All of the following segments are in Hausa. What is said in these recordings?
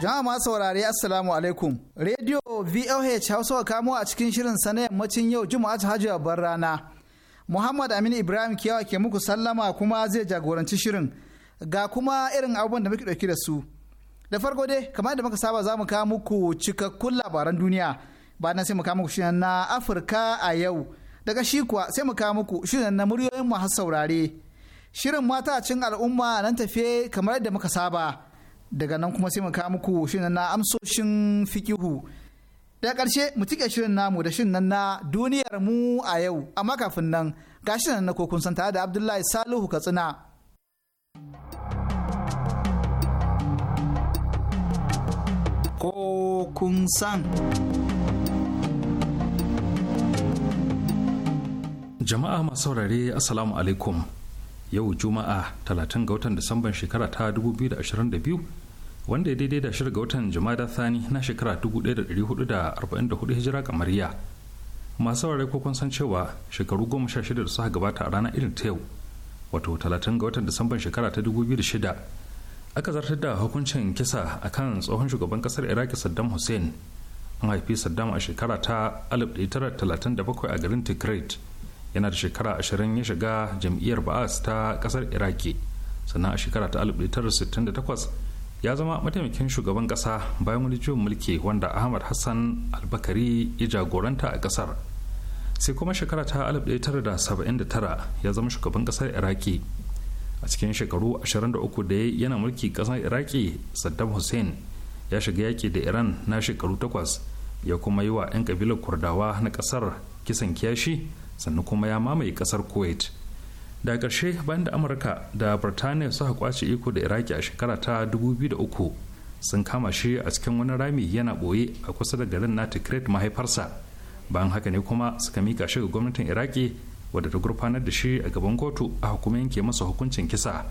Jama'a masu saurare Assalamu alaikum. Radio VOH Hausa kamo a cikin shirin sana macin yau Juma'a ta Hajiya bar rana. Muhammad Amin Ibrahim Kiyawa ke muku sallama kuma zai jagoranci shirin. Ga kuma irin abubuwan da muke ɗauki da su. Da farko dai, kamar da muka saba za mu kawo muku cikakkun labaran duniya. Bayan sai mu kawo muku shirin na Afirka a yau. Daga shi kuwa sai mu kawo muku shirin na muryoyin masu saurare. Shirin mata cin al'umma nan tafe kamar yadda muka saba. daga nan kuma sai mu kawo muku shirin na amsoshin fikihu da ƙarshe mu cike shirin namu da shirin nan na duniyar mu a yau amma kafin nan ga shirin na kokun san tare da abdullahi salihu katsina kokun san jama'a masu saurare assalamu alaikum yau juma'a 30 ga watan disamban shekara ta 2022 wanda ya daidai da shirin ga watan jama'a thani na shekara 1444 hijira kamariya masu saurare ko kun san cewa shekaru 16 da suka gabata a ranar irin ta yau wato 30 ga watan disamban shekara ta 2006 aka zartar da hukuncin kisa akan tsohon shugaban kasar iraki saddam hussein an haifi saddam a shekara ta 1937 a garin tikrit yana da shekara ashirin ya shiga jam'iyyar ba'as ta kasar iraki sannan a shekara ta 1968 ya zama mataimakin shugaban kasa bayan wani juyin mulki wanda ahmad hassan albakari ya jagoranta a kasar sai kuma shekara ta 1979 ya zama shugaban kasar iraki a cikin shekaru 23 da yana mulki kasar iraki saddam hussein ya shiga yaƙi da iran na shekaru takwas ya kuma yi wa 'yan kabilar kurdawa na kasar kisan kiyashi sannan kuma ya mamaye kasar kuwait da ƙarshe bayan da amurka da birtaniya suka kwace iko da iraki a shekara ta 2003 sun kama shi a cikin wani rami yana ɓoye a kusa da garin na tikrit mahaifarsa bayan haka ne kuma suka mika shi ga gwamnatin iraki wadda ta gurfanar da shi a gaban kotu a hukuma yanke masa hukuncin kisa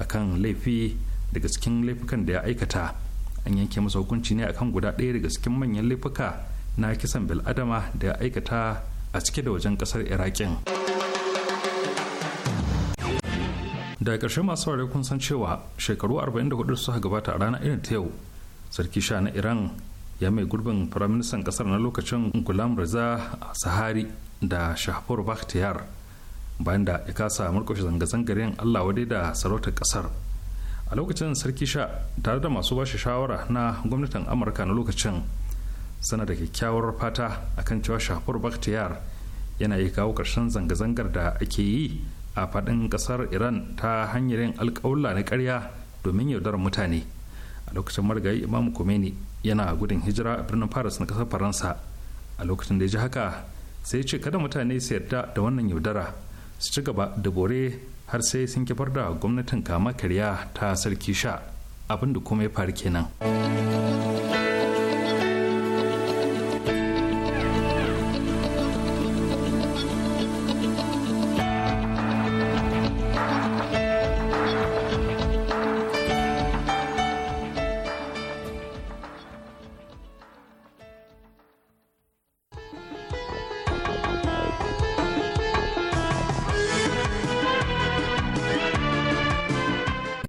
akan laifi daga cikin laifukan da ya aikata an yanke masa hukunci ne akan guda ɗaya daga cikin manyan laifuka na kisan bil'adama da ya aikata a cike da wajen kasar iraƙin da ƙarshe masu ware kun san cewa shekaru 44 suka gabata a ranar irin ta yau sarki sha na iran ya mai gurbin firaministan kasar na lokacin gulam reza sahari da shahapur bakhtiyar bayan da ya kasa murkushe zanga-zangar yin allah wadai da sarautar kasar a lokacin sarki sha tare da masu bashi shawara na gwamnatin amurka na lokacin sana da kyakkyawar fata akan cewa shafur bakhtiyar yana yi kawo ƙarshen zanga-zangar da ake yi a faɗin ƙasar iran ta hanyar yin alƙawla na karya domin yaudar mutane a lokacin marigayi imam khomeini yana gudun hijira a birnin paris na kasar faransa a lokacin da ya ji haka sai ce kada mutane su yarda da wannan yaudara su ci gaba da bore har sai sun kifar da gwamnatin kama karya ta sarki sha abin da kuma ya faru kenan.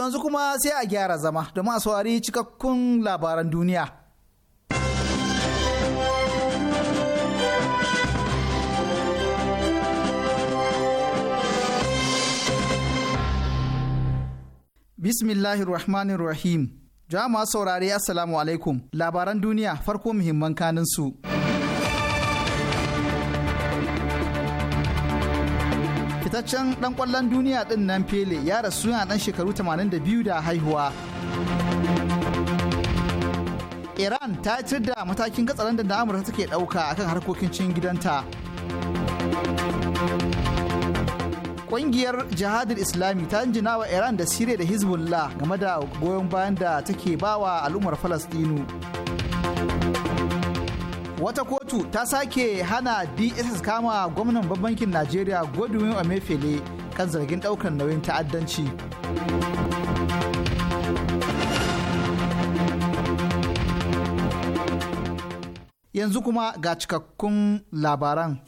yanzu kuma sai a gyara zama da a wari cikakkun labaran duniya. Bismillahirrahmanirrahim. Jama'a saurari Assalamu alaikum. Labaran duniya farko muhimman kanin su. fitaccen dan kwallon duniya din nan Pele ya rasu yana dan shekaru 82 da haihuwa. Iran ta yi da matakin katsalan da Amurka take ɗauka akan harkokin cin gidanta. kungiyar jihadin Islami ta jina wa Iran da syria da Hezbollah game da goyon bayan da take bawa al'ummar Falastinu. wata kotu ta sake hana dss kama gwamnan bankin najeriya godwin omefele kan zargin daukar nauyin ta'addanci yanzu kuma ga cikakkun labaran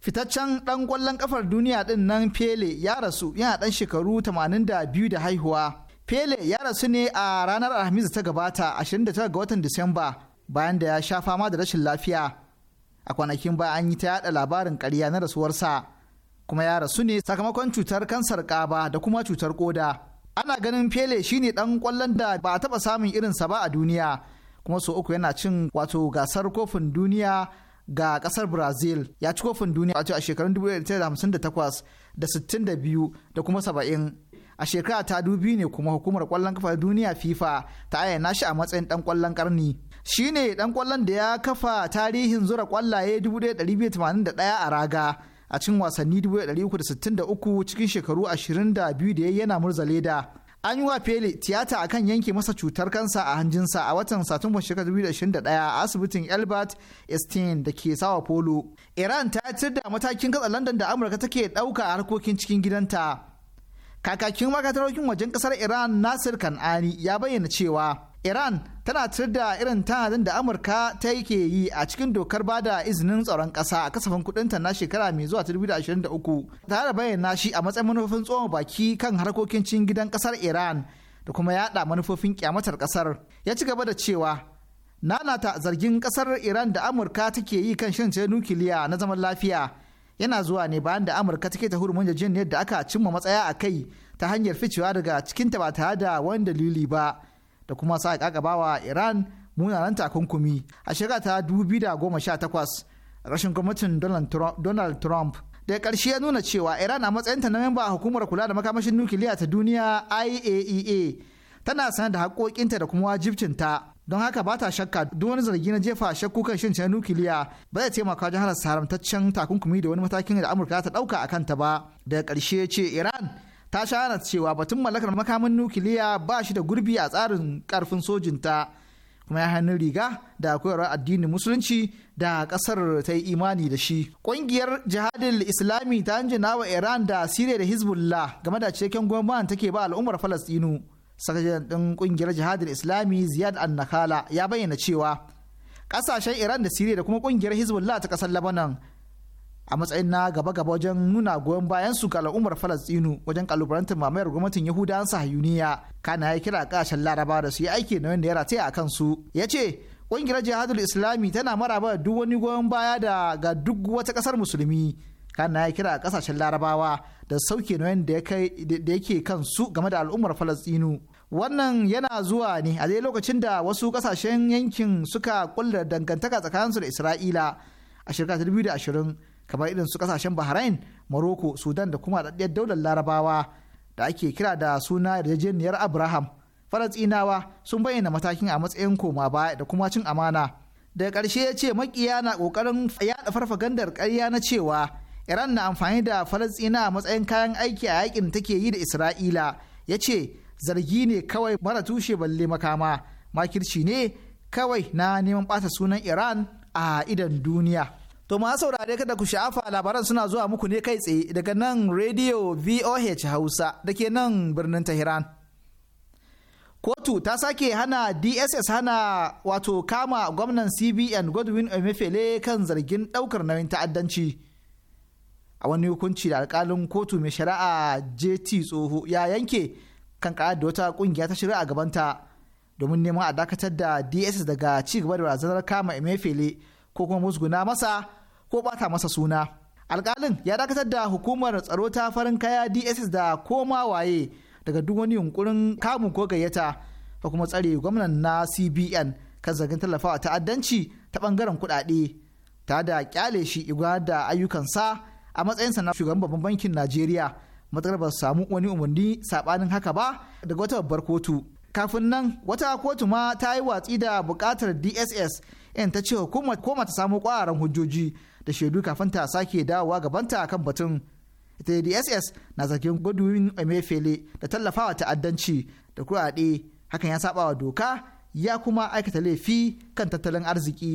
fitaccen ɗan ƙwallon ƙafar duniya din nan pele ya rasu yana ɗan shekaru 82 da haihuwa pele ya rasu ne a ranar alhamis ta gabata 29 ga watan disamba bayan da ya sha fama da rashin lafiya a kwanakin baya an yi ta yada labarin karya na rasuwarsa kuma ya rasu ne sakamakon cutar kansar kaba da kuma cutar koda ana ganin pele shine dan kwallon da ba a taba samun irinsa ba a duniya kuma so uku yana cin wato gasar kofin duniya ga kasar brazil ya ci kofin duniya wato a shekarun 1958 da 62 da kuma 70 a shekara ta dubi ne kuma hukumar kwallon kafa duniya fifa ta ayyana shi a matsayin dan kwallon karni shine dan kwallon da ya kafa tarihin zura kwallaye 1281 a raga a cikin wasanni 1363 cikin shekaru 22 da ya yana murza leda. An yi wa Fele tiyata a kan yanke masa cutar kansa a hanjinsa a watan Satumban shekaru 2021 a asibitin Albert Einstein da ke sawa polo. Iran ta yi da matakin katsa London da Amurka take ɗauka a harkokin cikin gidanta. Kakakin makatarokin wajen ƙasar Iran Nasir Kan'ani ya bayyana cewa iran tana tur da irin tanadin da amurka ta ke yi a cikin dokar ba da izinin tsaron ƙasa a kasafin kudinta na shekara mai zuwa 2023 tare da bayyana shi a matsayin manufofin tsohon baki kan harkokin cin gidan kasar iran da kuma yada manufofin kyamatar ƙasar ya ci gaba da cewa nanata zargin ƙasar iran da amurka take yi kan shirin nukiliya na zaman lafiya yana zuwa ne bayan da amurka take ta hurumin da yadda aka cimma matsaya a kai ta hanyar ficewa daga cikinta ba tare da wani dalili ba da kuma sa bawa Iran munanan takunkumi. A shekara ta 2018 rashin gwamnatin Donald Trump da karshe ya nuna cewa Iran a matsayin ta na memba hukumar kula da makamashin nukiliya ta duniya IAEA e tana sanar da haƙoƙinta da kuma wajibcinta don haka ba ta shakka duk wani zargi na jefa shakku kan shin nukiliya ba zai taimaka wajen halarta haramtaccen takunkumi da wani matakin da Amurka ta ɗauka a kanta ba daga ƙarshe ce Iran ta shana cewa batun mallakar makamin nukiliya ba shi da gurbi a tsarin karfin sojinta kuma ya hannun riga da koyarwar addinin musulunci da kasar ta yi imani da shi ƙungiyar jihadin islami ta hanjina wa iran da siriya da hezbollah game da cikin gwamnan take ba al'ummar falastinu sakajin ɗin ƙungiyar jihadin islami ziyad annakala ya bayyana cewa ƙasashen iran da siriya da kuma ƙungiyar hezbollah ta ƙasar labanan a matsayin na gaba-gaba wajen nuna goyon bayan su ga al'ummar falastinu wajen kalubalantar mamayar gwamnatin yahudawan sahayuniya kana ya kira kashin laraba da su yi aiki na wanda ya rataya a kansu ya ce ƙungiyar jihadul islami tana maraba duk wani goyon baya da ga duk wata ƙasar musulmi kana ya kira ƙasashen larabawa da sauke na wanda yake su game da al'ummar falastinu wannan yana zuwa ne a dai lokacin da wasu kasashen yankin suka kulla dangantaka tsakaninsu da isra'ila a shekara 2020 kamar irin su kasashen bahrain morocco sudan da kuma daɗaɗɗiyar daular larabawa da ake kira da suna yarjejeniyar abraham falasɗinawa sun bayyana matakin a matsayin koma baya da kuma cin amana daga ƙarshe ya ce makiya na ƙoƙarin yaɗa farfagandar ƙarya na cewa iran na amfani da falasɗina a matsayin kayan aiki a yakin take yi da isra'ila ya ce zargi ne kawai mara tushe balle makama makirci ne kawai na neman bata sunan iran a idan duniya To ma saurare kada ku sha'afa labaran suna zuwa muku ne kai tsaye daga nan Radio VOH Hausa da ke nan birnin Tehran. Kotu ta sake hana DSS hana wato kama gwamnan CBN Godwin Emefiele kan zargin ɗaukar nauyin ta'addanci. A wani hukunci da alkalin kotu mai shari'a JT Tsoho ya yanke kan da wata ƙungiya ta shari'a gabanta domin neman a dakatar da DSS daga ci gaba da razanar kama Emefiele ko kuma musguna masa ko bata masa suna alkalin ya dakatar da hukumar tsaro ta farin kaya dss da koma waye daga duk wani yunkurin kamun ko gayyata da kuma tsare gwamnan na cbn kan zargin tallafawa ta'addanci ta bangaren kuɗaɗe ta da kyale shi igwa da ayyukansa a matsayinsa na shugaban babban bankin najeriya matakar ba su samu wani umarni saɓanin haka ba daga wata babbar kotu kafin nan wata kotu ma ta yi watsi da buƙatar dss in ta ce hukumar koma ta samu ƙwararren hujjoji da shaidu kafin ta sake dawowa gabanta kan batun ita dss na zargin gudun emefele da tallafawa ta'addanci da kuraɗe hakan ya saba wa doka ya kuma aikata laifi kan tattalin arziki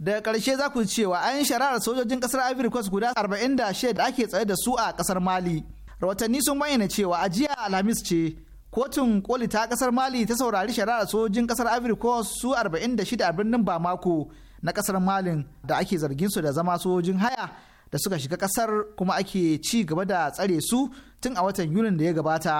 daga ƙarshe za ku cewa an shara'ar sojojin ƙasar ivory coast guda 46 da ake tsaye da su a kasar mali rahotanni sun bayyana cewa ajiya alhamis ce kotun koli ta ƙasar mali ta saurari shara'ar sojojin ƙasar ivory coast su 46 a birnin bamako na kasar malin da ake zargin su da zama sojojin haya da suka shiga kasar kuma ake ci gaba da tsare su tun a watan yunin da ya gabata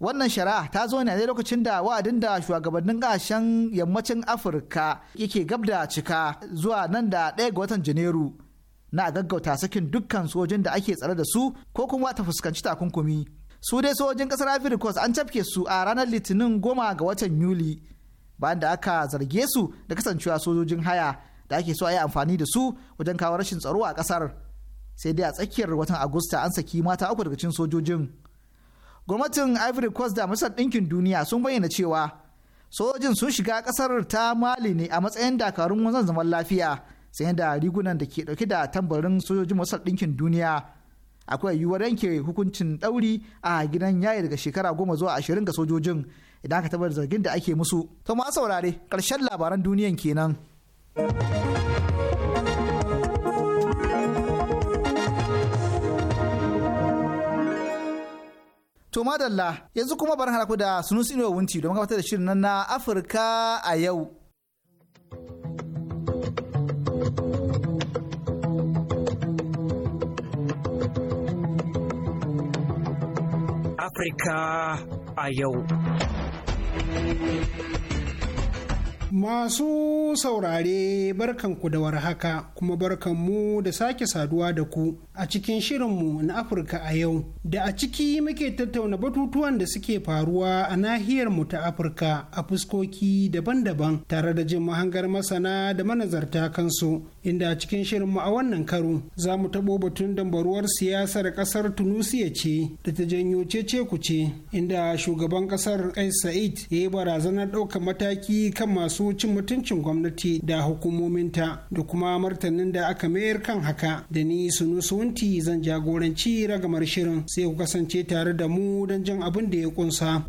wannan shari'a ta zo ne a lokacin da wa'adin da shugabannin kashen yammacin afirka yake gab da cika zuwa nan da ɗaya ga watan janairu na gaggauta sakin dukkan sojin da ake tsare da su ko kuma ta fuskanci takunkumi su dai sojojin kasar ivory coast an cafke su a ranar litinin goma ga watan yuli bayan da aka zarge su da kasancewa sojojin haya da ake so a yi amfani da su wajen kawo rashin tsaro a kasar. sai dai a tsakiyar watan agusta an saki mata uku daga cin sojojin gwamnatin ivory coast da masar ɗinkin duniya sun bayyana cewa sojojin sun shiga kasar ta mali ne a matsayin dakarun wanzan zaman lafiya sai da rigunan da ke dauke da tambarin sojojin masar ɗinkin duniya akwai yiwuwar yanke hukuncin ɗauri a gidan yayi daga shekara goma zuwa ashirin ga sojojin idan aka tabbatar zargin da ake musu to ma saurare ƙarshen labaran duniyan kenan. To madalla yanzu kuma bari halaku da sunu inuwa wunci don gabatar da shirin na Afirka a yau. Afirka a yau. Masu saurare barkan ku da warhaka kuma barkanmu da sake saduwa da ku a cikin shirinmu na Afirka a yau da a ciki muke tattauna batutuwan da suke faruwa a nahiyar mu ta Afirka a fuskoki daban-daban tare da jin mahangar masana da manazarta kansu inda a cikin shirinmu a wannan karo za mu taɓo batun dambaruwar siyasar ƙasar Tunusiya ce da ta janyo cece ku ce. inda shugaban ƙasar Kais Sa'id ya yi barazanar ɗaukar mataki kan masu masu cin mutuncin gwamnati da hukumominta da kuma martanin da aka mayar kan haka da ni su sunusunti zan jagoranci ragamar shirin sai ku kasance tare da mu don jin abin da ya kunsa.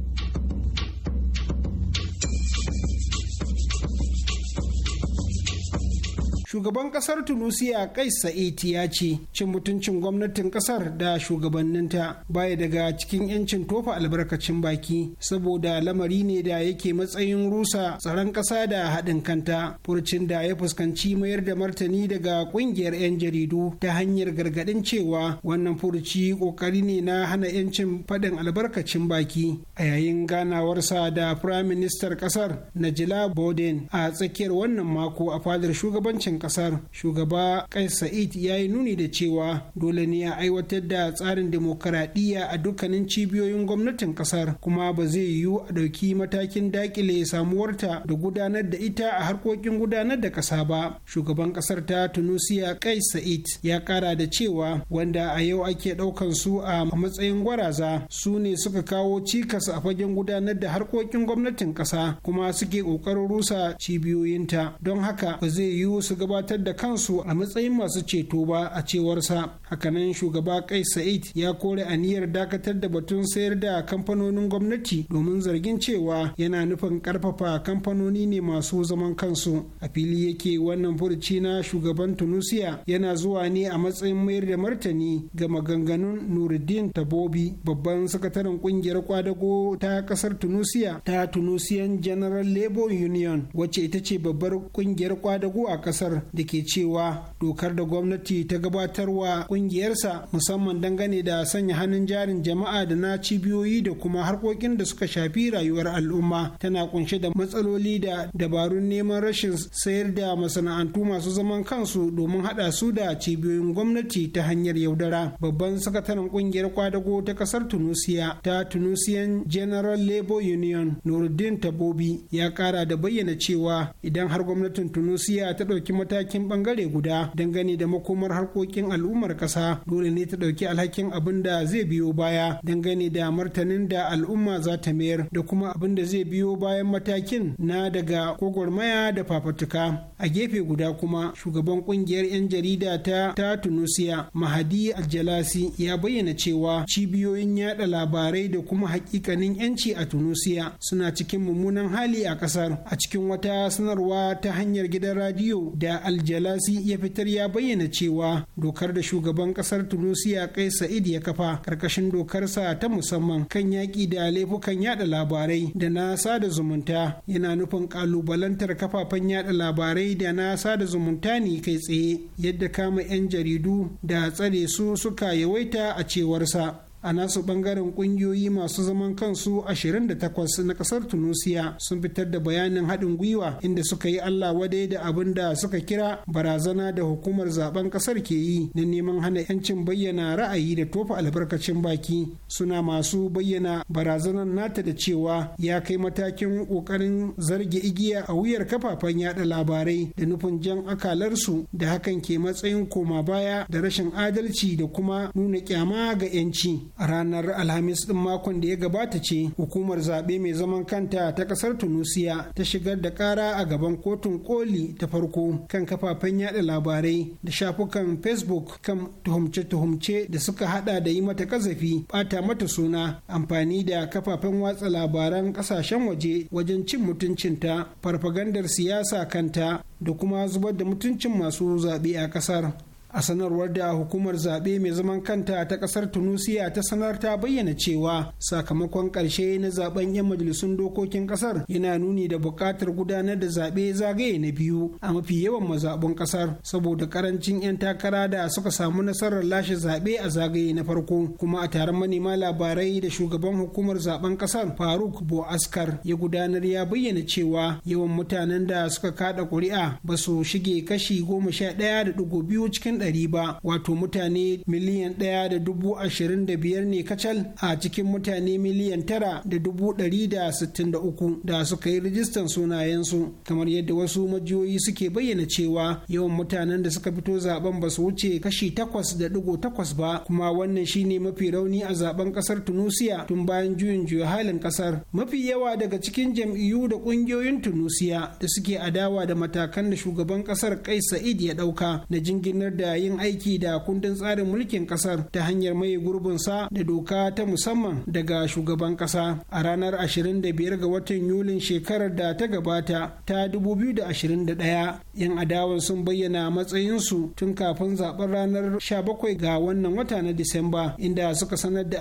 shugaban kasar tunisia kais sa'id ya ce cin mutuncin gwamnatin kasar da shugabanninta baya daga cikin 'yancin tofa albarkacin baki saboda lamari ne da yake matsayin rusa tsaron kasa da haɗin kanta furcin da ya fuskanci mayar da martani daga ƙungiyar 'yan jaridu ta hanyar gargaɗin cewa wannan furci ƙoƙari ne na hana 'yancin faɗin albarkacin baki a yayin ganawarsa da firaministan ƙasar najila boden a tsakiyar wannan mako a fadar shugabancin kasar shugaba kai sa'id ya yi nuni da cewa dole ne ya aiwatar da tsarin demokaradiyya a dukkanin cibiyoyin gwamnatin kasar kuma ba zai yiwu a ɗauki matakin dakile samuwarta da gudanar da ita a harkokin gudanar da ƙasa ba shugaban ƙasar ta tunisia kai sa'id ya ƙara da cewa wanda a yau ake ɗaukan su a matsayin gwaraza su ne suka kawo cikas a fagen gudanar da harkokin gwamnatin ƙasa kuma suke ƙoƙarin rusa cibiyoyinta don haka ba zai yiwu su ga gabatar da kansu a matsayin masu ceto ba a cewarsa hakanan shugaba kai sa'id ya kore aniyar dakatar da batun sayar da kamfanonin gwamnati domin zargin cewa yana nufin karfafa kamfanoni ne masu zaman kansu a fili yake wannan furuci na shugaban tunusiya yana zuwa ne a matsayin mayar da martani ga maganganun nuruddin tabobi babban sakataren kungiyar kwadago ta kasar tunusiya ta tunisian general labor union wacce ita ce babbar kungiyar kwadago a kasar da ke cewa dokar da gwamnati ta gabatarwa kungiyarsa musamman dangane da sanya hannun jarin jama'a da na cibiyoyi da kuma harkokin da suka shafi rayuwar al'umma tana kunshe da matsaloli da dabarun neman rashin sayar da masana'antu masu zaman kansu domin hada su da cibiyoyin gwamnati ta hanyar yaudara babban sakataren kungiyar kwadago ta kasar tunusiya ta tunusian general labor union nuruddin tabobi ya kara da bayyana cewa idan har gwamnatin tunusiya ta ɗauki matakin bangare guda dangane da makomar harkokin al'ummar kasa dole ne ta dauki alhakin abin da zai biyo baya dangane da martanin da al'umma za ta mayar da kuma abin da zai biyo bayan matakin na daga gwagwarmaya da fafatuka a gefe guda kuma shugaban kungiyar 'yan jarida ta ta tunusiya mahadi aljalasi ya bayyana cewa cibiyoyin yada labarai da kuma hakikanin 'yanci a tunusiya suna cikin mummunan hali a kasar a cikin wata sanarwa ta hanyar gidan radiyo da da aljalasi ya fitar ya bayyana cewa dokar da shugaban kasar tunisia kai sa'id ya kafa karkashin dokarsa ta musamman kan yaƙi da laifukan yada labarai da na sada zumunta yana nufin kalubalantar kafafen yada labarai da na sada zumunta ne kai tsaye yadda kama 'yan jaridu da tsare su suka yawaita a cewarsa a nasu bangaren kungiyoyi masu zaman kansu 28 na kasar tunisia sun fitar da bayanin haɗin gwiwa inda suka yi allah wadai da abin da suka kira barazana da hukumar zaben kasar ke yi na neman hana 'yancin bayyana ra'ayi da tofa albarkacin baki suna masu bayyana barazanar nata da cewa ya kai matakin ƙoƙarin zarge igiya a wuyar kafafen yada labarai da nufin jan akalarsu da hakan ke matsayin koma baya da rashin adalci da kuma nuna kyama ga 'yanci a ranar alhamis ɗin makon da ya gabata ce hukumar zaɓe mai zaman kanta ta ƙasar tunusiya ta shigar da ƙara a gaban kotun koli ta farko kan kafafen yada labarai da shafukan facebook kan tuhumce-tuhumce da suka hada da yi mata kazafi bata mata suna amfani da kafafen watsa labaran ƙasashen waje wajen cin mutuncinta farfagandar siyasa kanta da kuma zubar da mutuncin masu zaɓe a ƙasar a sanarwar da hukumar zaɓe mai zaman kanta ta ƙasar tunisia ta sanar ta bayyana cewa sakamakon ƙarshe na zaben 'yan majalisun dokokin ƙasar yana nuni da buƙatar gudanar da zaɓe zagaye na biyu a mafi yawan mazaɓun ƙasar saboda ƙarancin 'yan takara da suka samu nasarar lashe zaɓe a zagaye na farko kuma a taron manema labarai da shugaban hukumar zaben ƙasar faruk boaskar ya gudanar ya bayyana cewa yawan mutanen da suka kaɗa ƙuri'a ba su shige kashi goma sha ɗaya da ɗigo biyu cikin ɗari ba wato mutane miliyan ɗaya da dubu ashirin da biyar ne kacal a cikin mutane miliyan tara da dubu ɗari da sittin da uku da suka yi rijistan sunayensu kamar yadda wasu majiyoyi suke bayyana cewa yawan mutanen da suka fito zaben ba su wuce kashi takwas da digo takwas ba kuma wannan shine mafi rauni a zaben ƙasar tunusiya tun bayan juyin juya halin ƙasar mafi yawa daga cikin jam'iyyu da ƙungiyoyin tunusiya da suke adawa da matakan da shugaban ƙasar kai sa'id ya ɗauka na jinginar da da yin aiki da kundin tsarin mulkin kasar ta hanyar mai gurbinsa da doka ta musamman daga shugaban kasa a ranar 25 ga watan yulin shekarar da ta gabata ta 2021 yan adawan sun bayyana matsayinsu tun kafin zaben ranar 17 ga wannan wata na disamba inda suka sanar da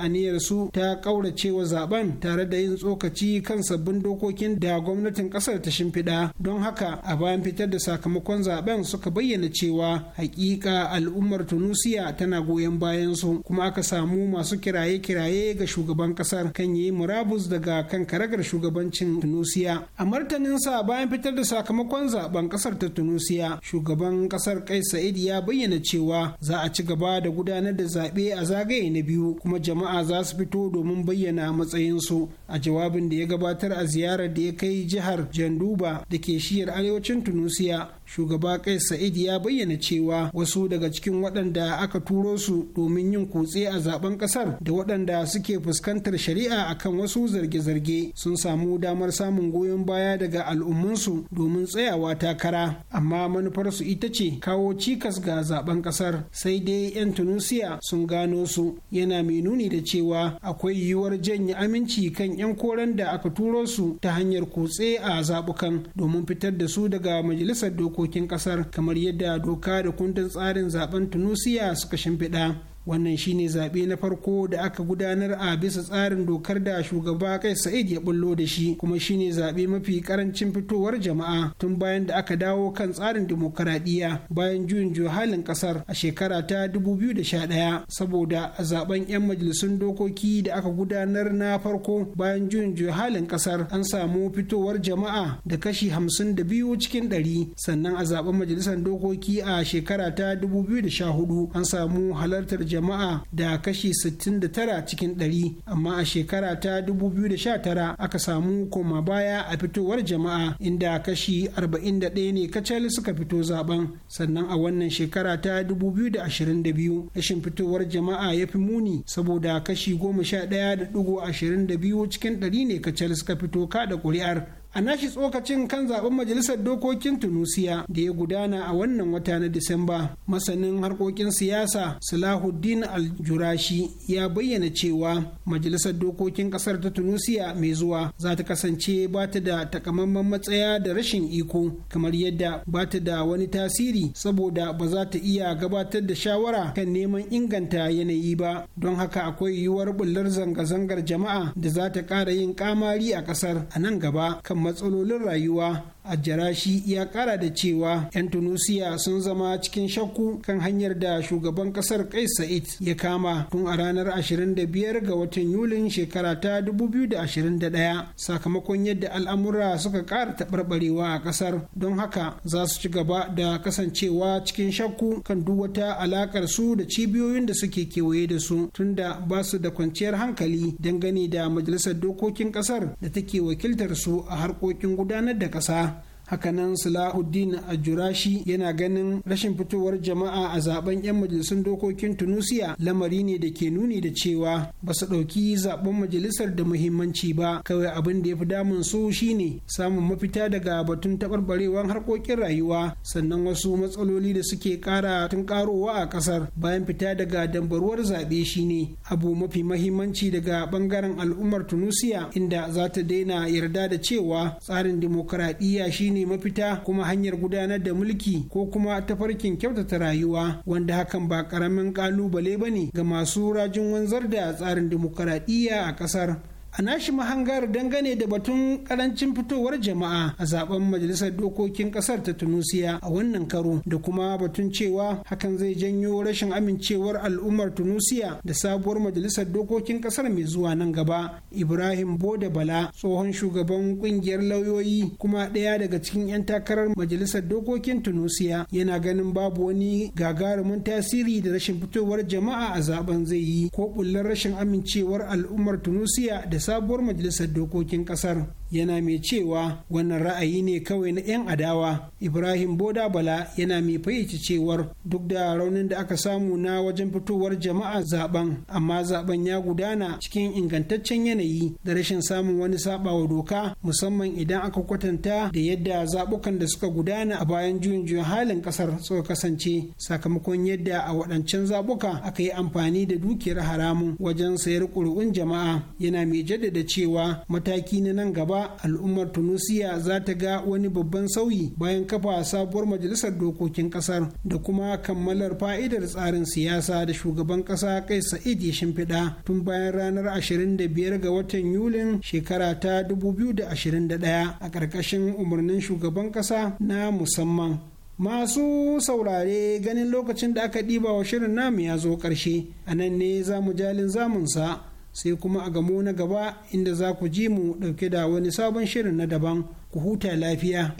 su ta kauracewa zaben tare da yin tsokaci kan sabbin dokokin da gwamnatin kasar ta shimfiɗa don haka a bayan fitar da sakamakon zaben suka bayyana cewa hakika a al'ummar tunisia tana goyon bayan su kuma aka samu masu kiraye-kiraye ga shugaban kasar kan yi murabus daga kan karagar shugabancin tunisia a martaninsa bayan fitar da sakamakon zaben kasar ta tunisia shugaban kasar kai sa'id ya bayyana cewa za a ci gaba da gudanar da zaɓe a zagaye na biyu kuma jama'a za su fito domin bayyana matsayin su a jawabin da ya gabatar a ziyarar da ya kai jihar janduba da ke shiyar arewacin tunisia shugaba kai sa'id ya bayyana cewa wasu daga cikin waɗanda aka turo su domin yin kutse a zaben ƙasar da waɗanda suke fuskantar shari'a akan wasu zarge-zarge sun samu damar samun goyon baya daga al'ummansu domin tsayawa takara amma manufarsu ita ce kawo cikas ga zaben ƙasar sai dai 'yan tunisia sun gano su yana mai nuni da cewa akwai yiwuwar janye aminci kan 'yan koren da aka turo su ta hanyar kutse a zaɓukan domin fitar da su daga majalisar dokoki dokokin kasar kamar yadda doka da kundin tsarin zaben tunisia suka shimfiɗa wannan shine zaɓe na farko da aka gudanar a bisa tsarin dokar da shugaba kai sa'id ya bullo da shi kuma shine zaɓe mafi karancin fitowar jama'a tun bayan da aka dawo kan tsarin dimokuraɗiyya bayan juyin halin ƙasar a shekara ta 2011 saboda zaben 'yan majalisun dokoki da aka gudanar na farko bayan juyin halin ƙasar an samu fitowar jama'a da kashi hamsin da biyu cikin 100 sannan a zaben majalisar dokoki a shekara ta 2014 an samu halartar jama'a jama'a da kashi 69 cikin 100 amma a shekara ta 2019 aka samu koma baya a fitowar jama'a inda kashi 41 ne kacal suka fito zaben sannan a wannan shekara ta 2022 rashin fitowar jama'a ya fi muni saboda kashi 11.22 cikin 100 ne kacal suka fito kada ƙuri'ar. a nashi tsokacin kan zaben majalisar dokokin tunusiya da ya gudana a wannan wata na disamba masanin harkokin siyasa salahuddin aljurashi ya bayyana cewa majalisar dokokin kasar ta tunusiya mai zuwa za ta kasance ba ta da takamaiman matsaya da rashin iko kamar yadda ba ta da wani tasiri saboda ba za ta iya gabatar da shawara kan neman inganta yanayi ba don haka akwai yiwuwar bullar zanga-zangar jama'a da za ta ƙara yin kamari a ƙasar a nan gaba kan matsalolin rayuwa a jarashi ya kara da cewa 'yan Tunusiya sun zama cikin shakku kan hanyar da shugaban kasar kai Sa'id ya kama tun a ranar 25 ga watan Yulin shekara ta 2021 sakamakon yadda al'amura suka kara taɓarɓarewa a kasar don haka za su ci gaba da kasancewa cikin shakku kan duk wata alaƙar su da cibiyoyin da suke kewaye da su tunda ba su da kwanciyar hankali dangane da majalisar dokokin kasar da take wakiltar su a harkokin gudanar da ƙasa. hakanan salahuddin ajurashi yana ganin rashin fitowar jama'a a zaben 'yan majalisun dokokin tunusiya lamari ne da ke nuni da cewa ba su ɗauki zaben majalisar da muhimmanci ba kawai abin da ya fi damun su shine samun mafita daga batun taɓarɓarewar harkokin rayuwa sannan wasu matsaloli da suke ƙara tun ƙarowa a ƙasar bayan fita daga dambaruwar zaɓe shine abu mafi mahimmanci daga ɓangaren al'ummar tunusiya inda za ta daina yarda da cewa tsarin dimokuraɗiyya shine ne mafita kuma hanyar gudanar da mulki ko kuma tafarkin kyautata rayuwa wanda hakan ba karamin kalubale ne ga masu rajin wanzar da tsarin dimokuraɗiyya a ƙasar. a nashi mahangar dangane da batun karancin fitowar jama'a a zaben majalisar dokokin kasar ta tunusiya a wannan karo da kuma batun cewa hakan zai janyo rashin amincewar al'ummar tunusiya da sabuwar majalisar dokokin kasar mai zuwa nan gaba ibrahim boda bala tsohon shugaban kungiyar lauyoyi kuma ɗaya daga cikin 'yan takarar majalisar dokokin tunusiya yana ganin babu wani gagarumin tasiri da rashin fitowar jama'a a zaben zai yi ko bullar rashin amincewar al'ummar tunusiya da sabuwar majalisar dokokin kasar yana mai cewa wannan ra'ayi ne kawai na 'yan adawa ibrahim boda bala yana mai fayyace cewar duk da raunin da aka samu na wajen fitowar jama'a zaben amma zaben ya gudana cikin ingantaccen yanayi da rashin samun wani sabawa doka musamman idan aka kwatanta da yadda zabukan da suka gudana a bayan juyin juyin halin kasar suka kasance sakamakon yadda a waɗancan zabuka aka yi amfani da dukiyar haramun wajen sayar ƙuri'un jama'a yana mai jaddada cewa mataki na nan gaba cewa al'ummar tunisia za ta ga wani babban sauyi bayan kafa sabuwar majalisar dokokin kasar da kuma kammalar fa'idar tsarin siyasa da shugaban kasa kai sa'id ya shimfiɗa tun bayan ranar 25 ga watan yulin shekara ta 2021 a ƙarƙashin umarnin shugaban kasa na musamman masu saurare ganin lokacin da aka ɗiba wa shirin namu ya zo ƙarshe a nan ne zamu mu jalin zamunsa sai kuma a gamo na gaba inda za ku ji mu ɗauke da wani sabon shirin na daban ku huta lafiya.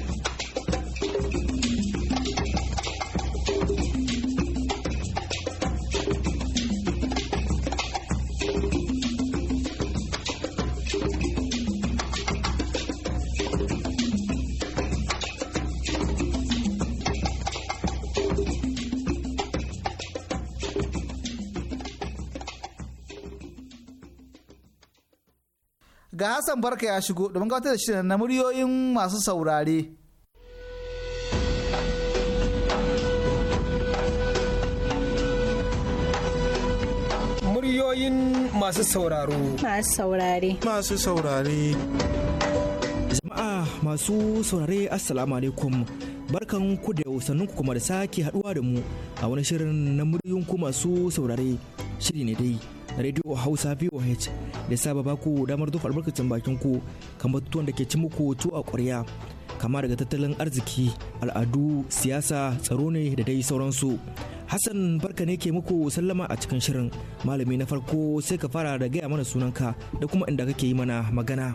ga Hassan Barka ya shigo domin gabatar da shirin na muryoyin masu saurare. Muryoyin masu sauraro. Masu saurare. Masu saurare. Jama'a masu saurare Assalamu alaikum. Barkan ku da sannun kuma da sake haduwa da mu a wani shirin na muryoyin ku masu saurare shiri ne dai radio hausa voh da saba ba ku damar dufa albarkacin bakin ku kamar tuwon da ke ci muku tu a ƙwarya kama daga tattalin arziki al'adu siyasa tsaro ne da dai sauransu hassan barka ne ke muku sallama a cikin shirin malami na farko sai ka fara da gaya mana sunanka da kuma inda kake yi mana magana.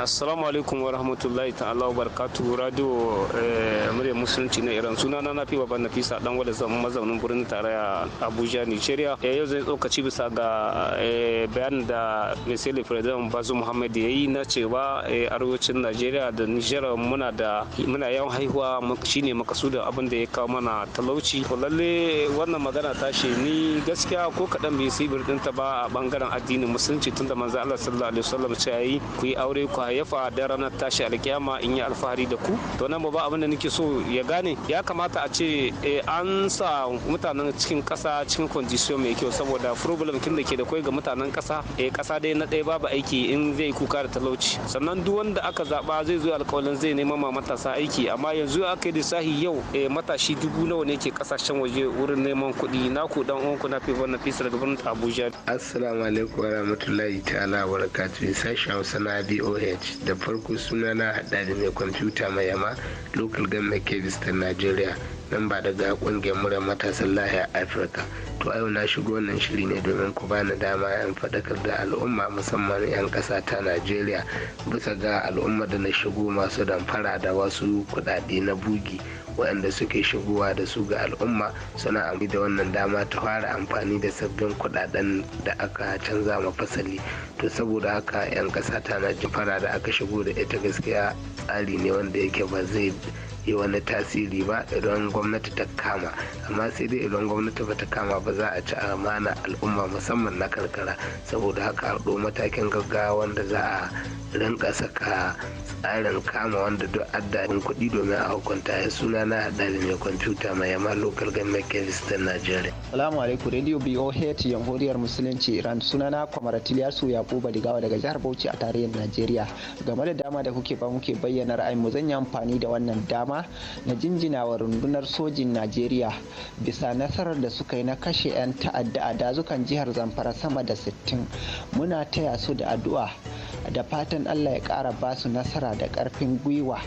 assalamu alaikum wa rahmatullahi ta'ala wa barakatuhu radio eh, murya musulunci na iran suna na nafi baban nafisa dan wanda zama mazaunin birnin tarayya abuja nigeria eh, yau zai tsokaci bisa ga eh, bayanin da misali president bazu muhammad ya yi na cewa arewacin nigeria da niger muna da muna yawan haihuwa shine makasudin abin da ya kawo mana talauci to lalle wannan magana tashi ni gaskiya ko kadan bai birnin ta ba a bangaren addinin musulunci tunda manzo Allah sallallahu alaihi wasallam ce yi ku yi aure ku ya da ranar tashi alkiyama in yi alfahari da ku to nan ba abin da nake so ya gane ya kamata a ce eh, an sa mutanen cikin kasa cikin condition mai kyau saboda problem kin da ke da kai ga mutanen kasa eh kasa dai na ɗaya babu aiki in zai kuka da talauci sannan duk wanda aka zaba zai zo alƙawarin zai nema ma matasa aiki amma yanzu aka yi sahi yau eh matashi dubu nawa ne ke kasashen waje wurin neman kuɗi na ku dan uwanku na fi wannan fisar gwamnati Abuja assalamu alaikum rahmatullahi ta'ala barakatuh sashen Hausa na BOA da farko suna na hada da mai kwamfuta mai yama local government kebis ta Najeriya nan ba daga kungiyar mura matasan lahiya Afirka. To a yau na shigo wannan shiri ne domin ku bani dama yan fadakar da al'umma musamman 'yan kasa ta Najeriya bisa ga al'umma da na shigo masu damfara da wasu kudade na bugi waɗanda suke shigowa da su ga al'umma suna amfani da wannan dama ta fara amfani da sabbin kuɗaɗen da aka canza ma fasali to saboda haka 'yan ƙasa ta na fara da aka shigo da ita gaskiya tsari ne wanda yake ba zai yi wani tasiri ba idan gwamnati ta kama amma sai dai idan gwamnati ba ta kama ba za a ci amana al'umma musamman na karkara saboda haka haɗo matakin gaggawa wanda za a rinka saka tsarin kama wanda duk addadin kuɗi domin a hukunta ya suna na da mai kwamfuta mai yamma lokal government kebis ta nigeria. salamu alaikum radio boh jamhuriyar musulunci iran suna na kwamaratil yasu yakuba digawa daga jihar bauchi a tarihin nigeria game da dama da kuke ba muke bayyana ra'ayin mu zan yi amfani da wannan dama dama na jinjinawa rundunar sojin najeriya bisa nasarar da suka yi na kashe 'yan ta'adda a dazukan jihar zamfara sama da 60 muna taya su da addu'a da fatan allah ya ƙara basu nasara da ƙarfin gwiwa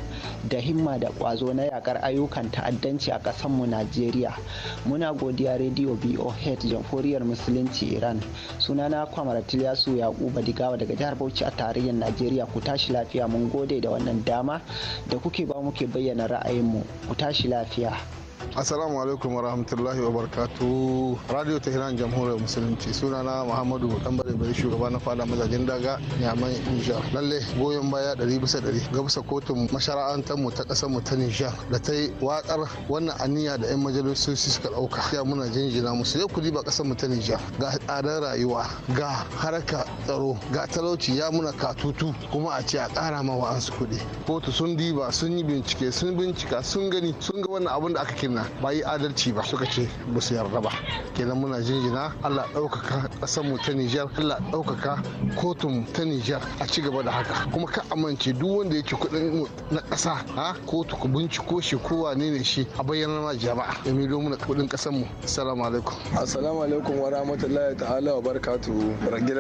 da himma da ƙwazo na yakar ayyukan ta'addanci a ƙasanmu najeriya muna godiya rediyo boh jamhuriyar musulunci iran sunana kwamar tiliyasu yakuba digawa daga jihar bauchi a tarayyar najeriya ku tashi lafiya mun gode da wannan dama da kuke ba muke bayyana ra'ayinmu ku tashi lafiya Assalamu alaikum warahmatullahi barkatu Radio Tehran Jamhuriyar Musulunci sunana Muhammadu Dambare Bari shugaba na fada mazajen daga Nyamai Nijar. Lalle goyon baya ɗari bisa ga bisa kotun mashara'antar mu ta kasar mu ta Nijar da ta yi watsar wannan aniya da 'yan majalisoci suka ɗauka. Ya muna jinjina musu yau kudi ba kasar mu ta Nijar ga tsadar rayuwa ga haraka tsaro ga talauci ya muna katutu kuma a ce a kara ma wa'ansu kuɗi kotu sun diba sun yi bincike sun bincika sun gani sun ga wannan abin da aka kinna ba yi adalci ba suka ce ba su yarda ba kenan muna jinjina Allah ɗaukaka ƙasar mu ta Nijar Allah ɗaukaka kotun ta Nijar a ci gaba da haka kuma ka amince duk wanda yake kuɗin na ƙasa ha kotu ku binciko shi ko wane ne shi a bayyana ma jama'a domin domin na kuɗin ƙasar mu assalamu alaikum assalamu alaikum wa rahmatullahi ta'ala wa barakatuhu radio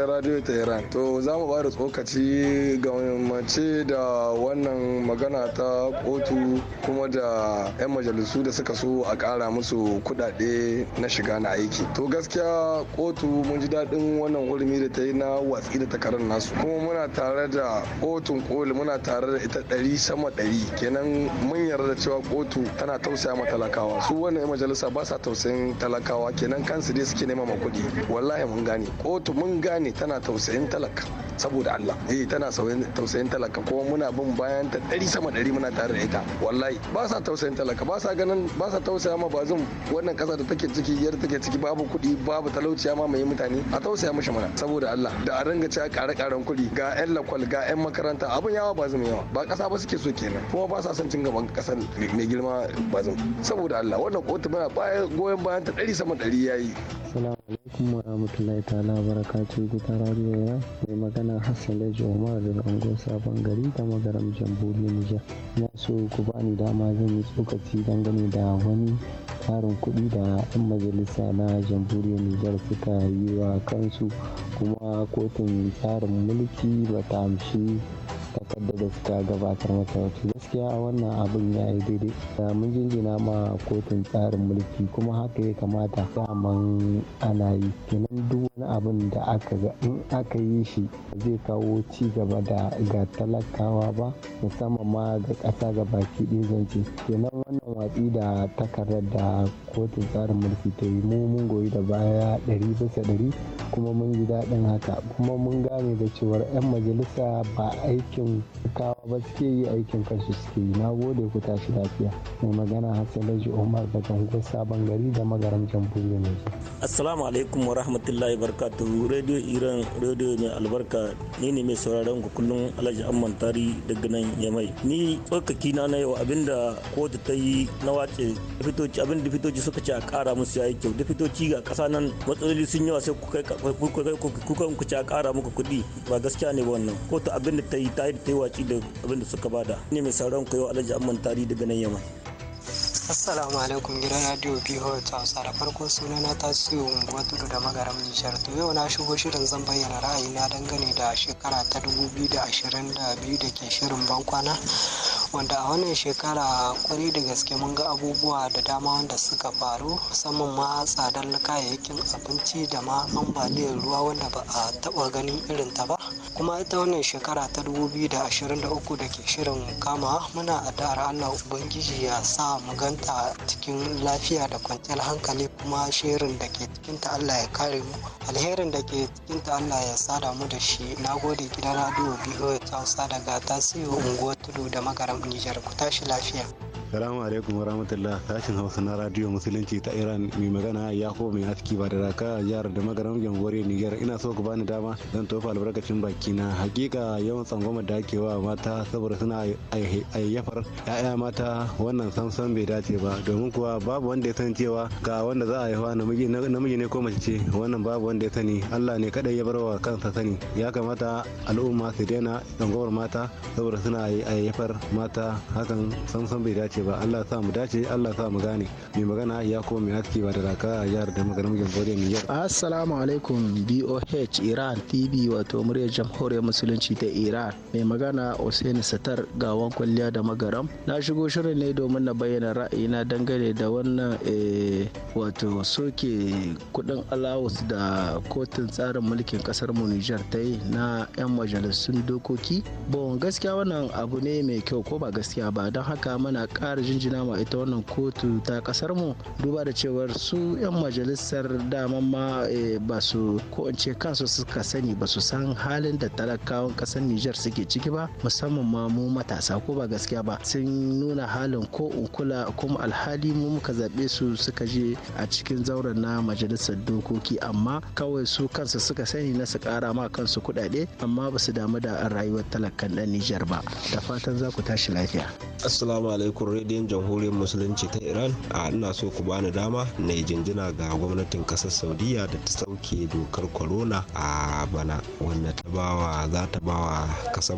tehran to za mu bada tsokaci ga mace da wannan magana ta kotu kuma da 'yan majalisu da suka so a kara musu kudade na shiga na aiki to gaskiya kotu mun ji daɗin wannan hurumi da ta yi na watsi da takarar nasu kuma muna tare da kotun koli muna tare da ita ɗari sama ɗari kenan mun yarda da cewa kotu tana tausaya ma talakawa su wannan 'yan majalisa ba sa tausayin talakawa kenan kansu dai suke nema ma kuɗi wallahi mun gane kotu mun gane tana tausayin tausayin talaka saboda Allah eh tana tausayin talaka kuma muna bin bayan ta ɗari sama ɗari muna tare da ita wallahi ba sa tausayin talaka ba sa ganin ba sa tausaya ma bazin wannan ƙasa da take ciki yar take ciki babu kuɗi babu talauciya ma mai mutane a tausaya mishi muna saboda Allah da a ringa cewa ƙare ƙaren kuɗi ga ƴan lakwal ga ƴan makaranta abun yawa ba zama yawa ba ƙasa ba suke so kenan kuma ba sa son cin gaban ƙasar mai girma ba saboda Allah wannan kotu muna baya goyon bayan ta ɗari sama ɗari yayi. Assalamu alaikum wa rahmatullahi ta'ala barakatu ta radio masoya mai magana Hassan lejo Umar daga unguwar Sabon Gari ta magaram jamhuriyar Nijar. na so ku ni dama zan yi tsokaci dangane da wani tsarin kuɗi da 'yan majalisa na jamhuriyar Nijar suka yi wa kansu kuma kotun tsarin mulki ba ta amshi takardar da suka gabatar masa wato gaskiya wannan abin ya yi daidai da mun jingina ma kotun tsarin mulki kuma haka ya kamata daman ana yi kenan duk wani abin da aka ga in aka yi shi zai kawo ci gaba da ga talakawa ba musamman ma ga ƙasa ga baki ɗin zance kenan wannan watsi da takardar da kotun tsarin mulki ta yi mu mun goyi da baya ɗari bisa ɗari kuma mun ji daɗin haka kuma mun gane da cewar 'yan majalisa ba aikin aikin kawa ba suke yi aikin kansu suke yi na gode ku tashi lafiya mai magana hassan laji umar daga unguwar sabon gari da magaran jamhuriyar ne assalamu alaikum wa rahmatullahi barkatu radio iran radio mai albarka ni ne mai sauraron ku kullum alhaji amman tari daga nan yamai ni tsokaki na na yau abinda kotu ta yi na wace fitoci abinda fitoci suka ce a kara musu yayi kyau da fitoci ga kasa nan matsaloli sun yi yawa sai ku kai ku ci a kara muku kuɗi ba gaskiya ne wannan kotu abinda ta yi ta gwamnati ta yi watsi da abin da suka bada ne mai sauran ku yau alhaji amman tari daga nan yamai Assalamu alaikum gidan radio BH Hausa da farko suna na tasiru unguwa tudu da magaram Nijar. To yau na shigo shirin zan bayyana ra'ayi na dangane da shekara ta 2022 da ke shirin bankwana wanda a wannan shekara kwarai da gaske mun ga abubuwa da dama wanda suka faru musamman ma tsadar kayayyakin abinci da ma ambaliyar ruwa wanda ba a taba ganin irin ta ba. Kuma ita wannan shekara ta 2023 da ke shirin kama muna addu'ar Allah Ubangiji ya sa mu gani ta cikin lafiya da kwanciyar hankali kuma shirin da ke ta Allah ya kare mu alherin da ke ta Allah ya sada mu da shi na gode gidan radio biyu ta daga tasiri unguwar tudu da magaram Nijar ku tashi lafiya. Salamu alaikum rahmatullah sashen Hausa na Radio Musulunci ta Iran mai magana ko mai aski ba da raka jihar da magaran jamhuriyar Niger ina so ku bani dama zan tofa albarkacin baki na hakika yawan tsangwama da ake wa mata saboda suna ayyafar ya'ya mata wannan samson bai dace ba domin kuwa babu wanda ya san cewa ga wanda za a haifa namiji ne ko mace ce wannan babu wanda ya sani Allah ne kadai ya bar wa kansa sani ya kamata al'umma su daina tsangwamar mata saboda suna ayyafar mata hakan samson bai dace ba Allah sa mu dace Allah sa mu gane mai magana ya ko mai haske ba da raka a jihar da jamhuri jamhuriyar Niger assalamu alaikum BOH Iran TV wato muryar jamhuriyar musulunci ta Iran mai magana Hussein Satar gawan kwalliya da magaram na shigo shirin ne domin na bayyana ra'ayina dangane da wannan eh, wato soke kudin alawus da kotun tsarin mulkin kasar mu Niger ta yi na 'yan majalisun dokoki bon gaskiya wannan abu ne mai kyau ko ba gaskiya ba don haka mana ƙara ƙara jinjina ma ita wannan kotu ta kasar mu duba da cewar su 'yan majalisar daman ma eh, ba su ko in ce kansu suka sani ba su san halin da talakawan ƙasar Nijar suke ciki ba musamman ma mu matasa ko ba gaskiya ba sun nuna halin ko in kula kuma alhali mu muka zaɓe su suka je a cikin zauren na majalisar dokoki amma kawai su kansu suka sani na su ƙara ma kansu kuɗaɗe amma ba su damu da rayuwar talakan ɗan Nijar ba da fatan za ku tashi lafiya. Assalamu alaikum jam'iyyar jamhuriyar musulunci ta iran a ina so ku bani dama na jinjina ga gwamnatin kasar saudiya da ta sauke dokar corona a bana wanda ta bawa za ta bawa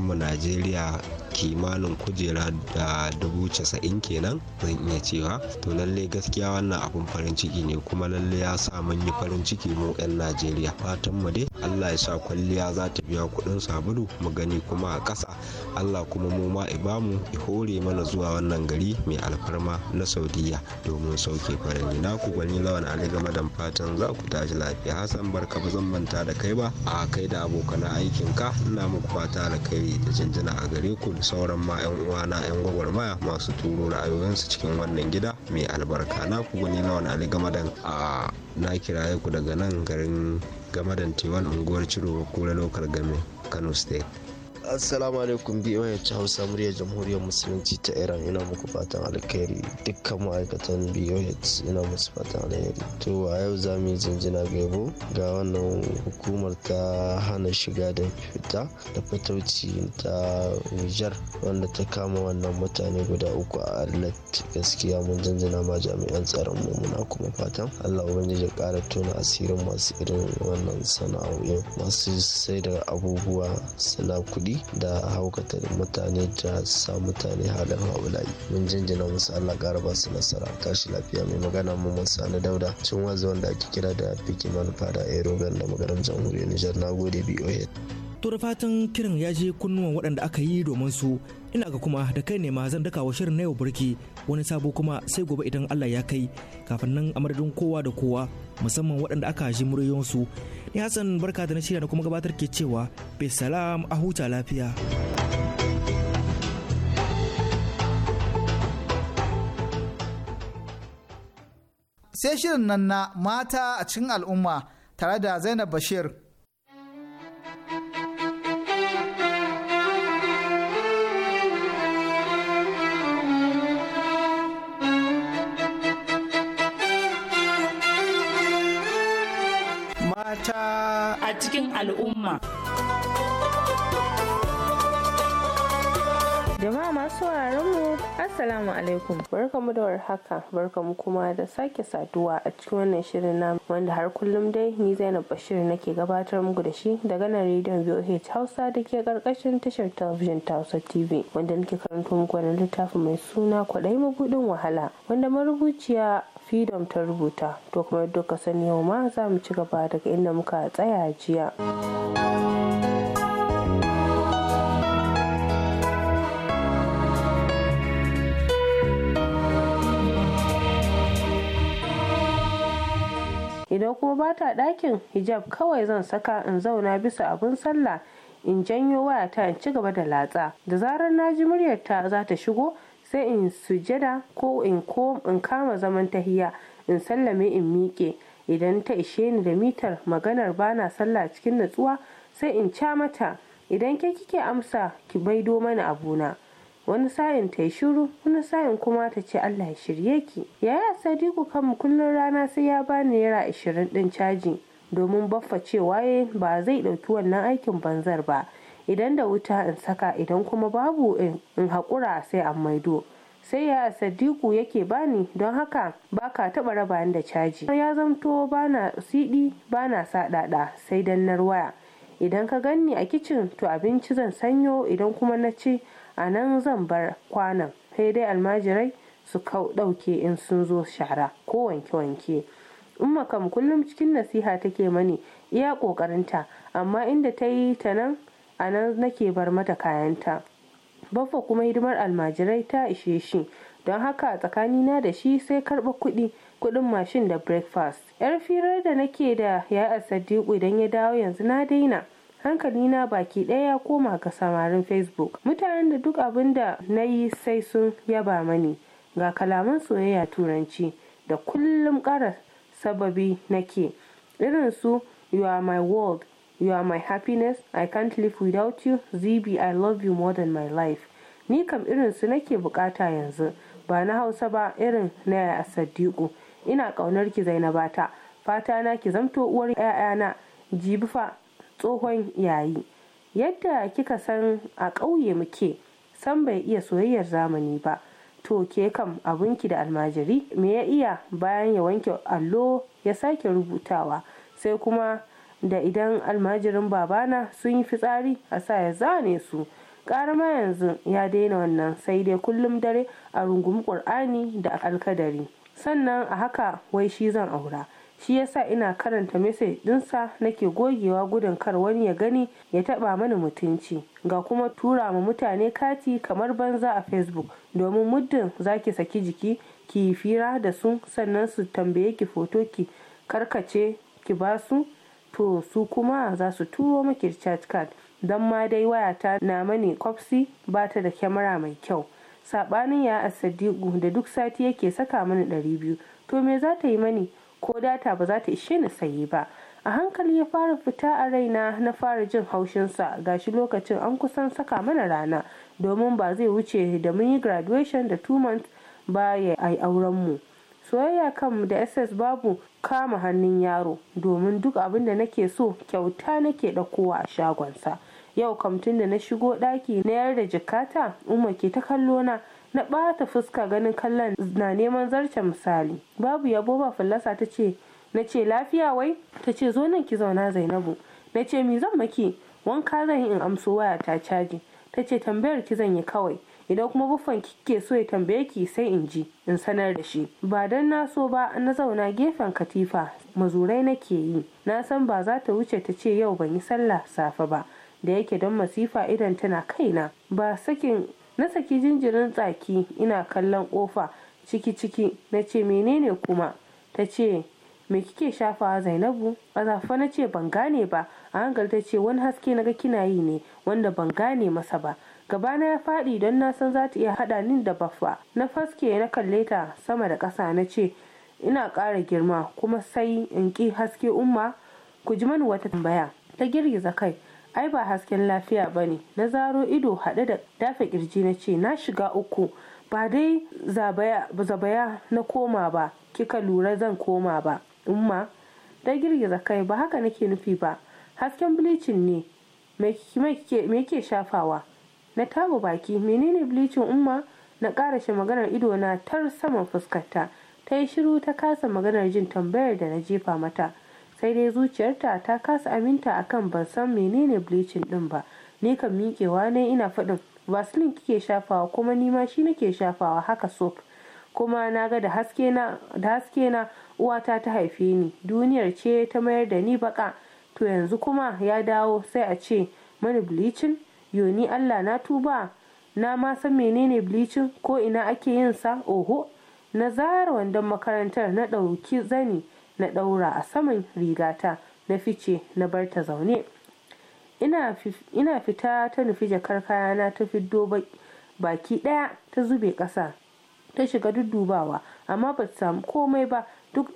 mu najeriya kimanin kujera da dubu casa'in kenan zan iya cewa to lalle gaskiya wannan abun farin ciki ne kuma lalle ya sa mun yi farin ciki mu 'yan najeriya fatan mu dai allah ya sa kwalliya za ta biya kuɗin sabulu mu gani kuma a ƙasa allah kuma mu ma ibamu ya hore mana zuwa wannan gari mai alfarma na saudiya domin sauke farin na ku gwani lawan ali game da fatan za ku tashi lafiya hassan barka ba zan manta da kai ba a kai da abokan aikin ka ina muku fata da kai da jinjina a gare ku da sauran ma yan na yan gwagwarmaya masu turo ra'ayoyinsu cikin wannan gida mai albarka na ku gwani lawan ali game da a na kiraye ku daga nan garin da tewan unguwar ciro ko lokar game kano state assalamu alaikum biyoyin hausa muryar jamhuriyar musulunci ta iran ina muku fatan alkhairi dukkan ma'aikatan B.O.H ina musu fatan alkhairi to a yau za mu yi jinjina gaibo ga wannan hukumar ta hana shiga da fita da fitauci ta nijar wanda ta kama wannan mutane guda uku a arlet gaskiya mun jinjina ma jami'an tsaron mu muna kuma fatan allah ubangiji ya kara tona asirin masu irin wannan sana'o'i masu sai da abubuwa suna kuɗi da da haukata mutane ta sa mutane halin haulayi mun jinjina musu allah kara ba su nasara tashi lafiya mai magana mu musa na dauda cin wanzu wanda ake kira da fiki manufa da aerogan da magaran jamhuriyar nijar na gode biyu to da fatan kiran ya je kunnuwan waɗanda aka yi domin su ina ga kuma da kai ne ma zan dakawa shirin na yau burki wani sabo kuma sai gobe idan Allah ya kai kafin nan a madadin kowa da kowa musamman waɗanda aka ji muryoyinsu ni Hassan barka da na shirya da kuma gabatar ke cewa bai salam a huta lafiya. Sai shirin nan na mata a cikin al'umma tare da Zainab Bashir. a cikin al'umma. Jama'a masu sauraron mu Assalamu alaikum. Barkamu da warhaka. Barkamu kuma da sake saduwa a cikin wannan shirin na wanda har kullum dai ni Zainab Bashir nake gabatar muku da shi daga nan rediyon VOH Hausa da ke karkashin tashar talabijin ta Hausa TV wanda nake karanto muku wani littafi mai suna kwaɗayi mabuɗin wahala wanda marubuciya Freedom ta rubuta. To kuma yadda ka sani yau ma za mu ci gaba daga inda muka tsaya jiya. idan kuma ba ta ɗakin hijab kawai zan saka in zauna bisa abin sallah in janyo wayata in ci gaba da latsa da zarar na ji muryarta za ta shigo sai in sujada ko in ko in kama zaman tahiya in sallame in miƙe idan ta ishe ni da mitar maganar bana sallah cikin natsuwa sai in ca mata idan ke kike amsa ki baido mana abuna wani sa'in ta yi shiru wani sa'in kuma ta ce allah ya shirye ki yaya sadiku kanmu kullum rana sai ya ba naira ashirin din caji domin baffa cewa ba zai ɗauki wannan aikin banzar ba idan da wuta in saka idan kuma babu in haƙura sai an maido sai ya sadiku yake bani don haka ba ka taɓa raba da caji ya zamto bana siɗi bana sa ɗaɗa sai dan narwaya waya idan ka ganni a kicin to abinci zan sanyo idan kuma na ci a nan zan bar kwanan sai dai almajirai su kau ɗauke in sun zo shara ko wanke-wanke umma kam kullum cikin nasiha take mani iya ƙoƙarinta amma inda ta yi ta nan a nan nake bar mata kayanta baffa kuma hidimar almajirai ta ishe shi don haka tsakanina da shi sai karɓa kuɗi kuɗin mashin da breakfast yar firar da nake da ya sadiku idan ya dawo yanzu na daina hankali na baki ɗaya ya koma ga samarin facebook mutanen da duk abin da na yi sai sun yaba mani ga kalaman soyayya turanci da kullum kara sababi nake irin su you are my world you are my happiness i can't live without you zb i love you more than my life ni kam irin su nake bukata yanzu ba na hausa ba irin na ya sadiku ina ƙaunar ki zainabata fata na ki zamto uwar 'ya'yana jibi fa tsohon yayi yadda kika san a ƙauye muke san bai iya soyayyar zamani ba to ke kam abinki da almajiri me ya iya bayan ya wanke allo ya sake rubutawa sai kuma da idan almajirin babana sun yi fitsari a sa ya zane su ƙarama yanzu ya daina wannan sai dai kullum dare a rungumi ƙur'ani da alkadari sannan a haka wai shi zan aura shi yasa ina karanta message dinsa nake gogewa gudun kar wani ya gani ya taba mani mutunci ga kuma tura ma mutane kati kamar banza a facebook domin muddin zaki saki jiki ki fira da su sannan su tambaye ki foto ki karkace ki ba su to su kuma za su turo maki recharge card don ma dai wayata na mani kwafsi ba ta da kyamara mai kyau saɓanin ya a da duk sati yake saka mani 200 to me za ta yi mani ko data ba za ta ishe ni saye ba a hankali ya fara fita a raina na fara jin haushinsa gashi lokacin an kusan saka mana rana domin ba zai wuce da mun yi graduation da two months ba ya ai auren mu soyayya kanmu da ss babu kama hannun yaro domin duk abin da nake so kyauta nake kowa a shagonsa yau kamtun da na shigo ɗaki na yar da jikata umma ke ta kallo na na ɓata fuska ganin kallon na neman zarce misali babu yabo ba fallasa ta ce na ce lafiya wai ta ce zo nan ki zauna zainabu na ce mi zan maki wanka zan yi in amso waya ta caji ta ce tambayar ki zan yi kawai idan kuma buffon kike so ya tambaye ki sai in ji in sanar da shi ba dan na so ba na zauna gefen katifa mazurai nake yi na san ba za ta wuce ta ce yau ban yi sallah safe ba da yake don masifa idan tana kaina ba sakin na saki jinjirin tsaki ina kallon kofa ciki-ciki na ce menene kuma ta ce me kike shafawa zainabu azafa na ce ban gane ba a hankali ta ce wani haske na ga kina yi ne wanda ban gane masa ba gabana ya faɗi don na san za ta iya haɗa ni da baffa na faske na kalle ta sama da ƙasa na ce ina ƙara girma kuma sai in ki haske umma ku ji mani wata tambaya ta girgiza kai ai ba hasken lafiya ba ne na zaro ido haɗe da dafa kirji na ce na shiga uku ba dai zabaya na koma ba kika lura zan koma ba umma da girgiza kai ba haka nake nufi ba hasken bilicin ne me ke shafawa na tabo baki menene bilicin umma na karashe maganar ido na tar saman fuskarta ta yi shiru ta kasa maganar jin tambayar da na jefa mata sai dai zuciyarta ta kasa aminta akan ban san menene bleaching din ba ni kan miƙewa ne ina faɗin vaseline kike shafawa kuma ni ma shi nake shafawa haka soap kuma na ga da haske na haske na uwata ta haife ni duniyar ce ta mayar da ni baka to yanzu kuma ya dawo sai a ce mani bleaching yoni Allah na tuba na ma san menene bleaching ko ina ake yin sa oho na zara wandon makarantar na ɗauki zani na ɗaura a saman rigata na fice na bar ta zaune ina fita ta nufi jakar kayana ta fiddo baki ɗaya ta zube ƙasa ta shiga duddubawa amma ba ta samu komai ba duk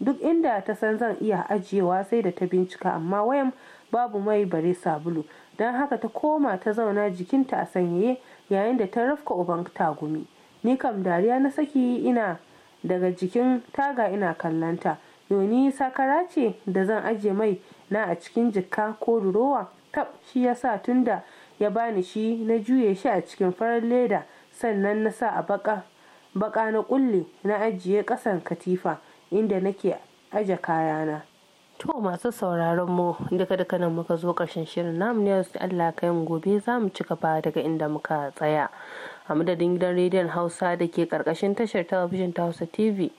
duk inda ta san zan iya ajiyewa sai da ta bincika amma wayan babu mai bare sabulu don haka ta koma ta zauna jikinta a sanyaye yayin da ta rafka uban tagumi ni kam dariya na saki ina daga jikin taga ina kallanta yoni sakara ce da zan aje mai na a cikin jikka ko durowa tab shi ya sa tun da ya bani shi na juye shi a cikin farar leda sannan na sa a baka na kulle na ajiye kasan katifa inda nake aje kayana To masu sauraron mu duka duka nan muka zo ƙarshen shirin namu ne Allah kai mu gobe zamu mu ci gaba daga inda muka tsaya. a madadin gidan rediyon hausa da ke karkashin tashar talabijin ta hausa tv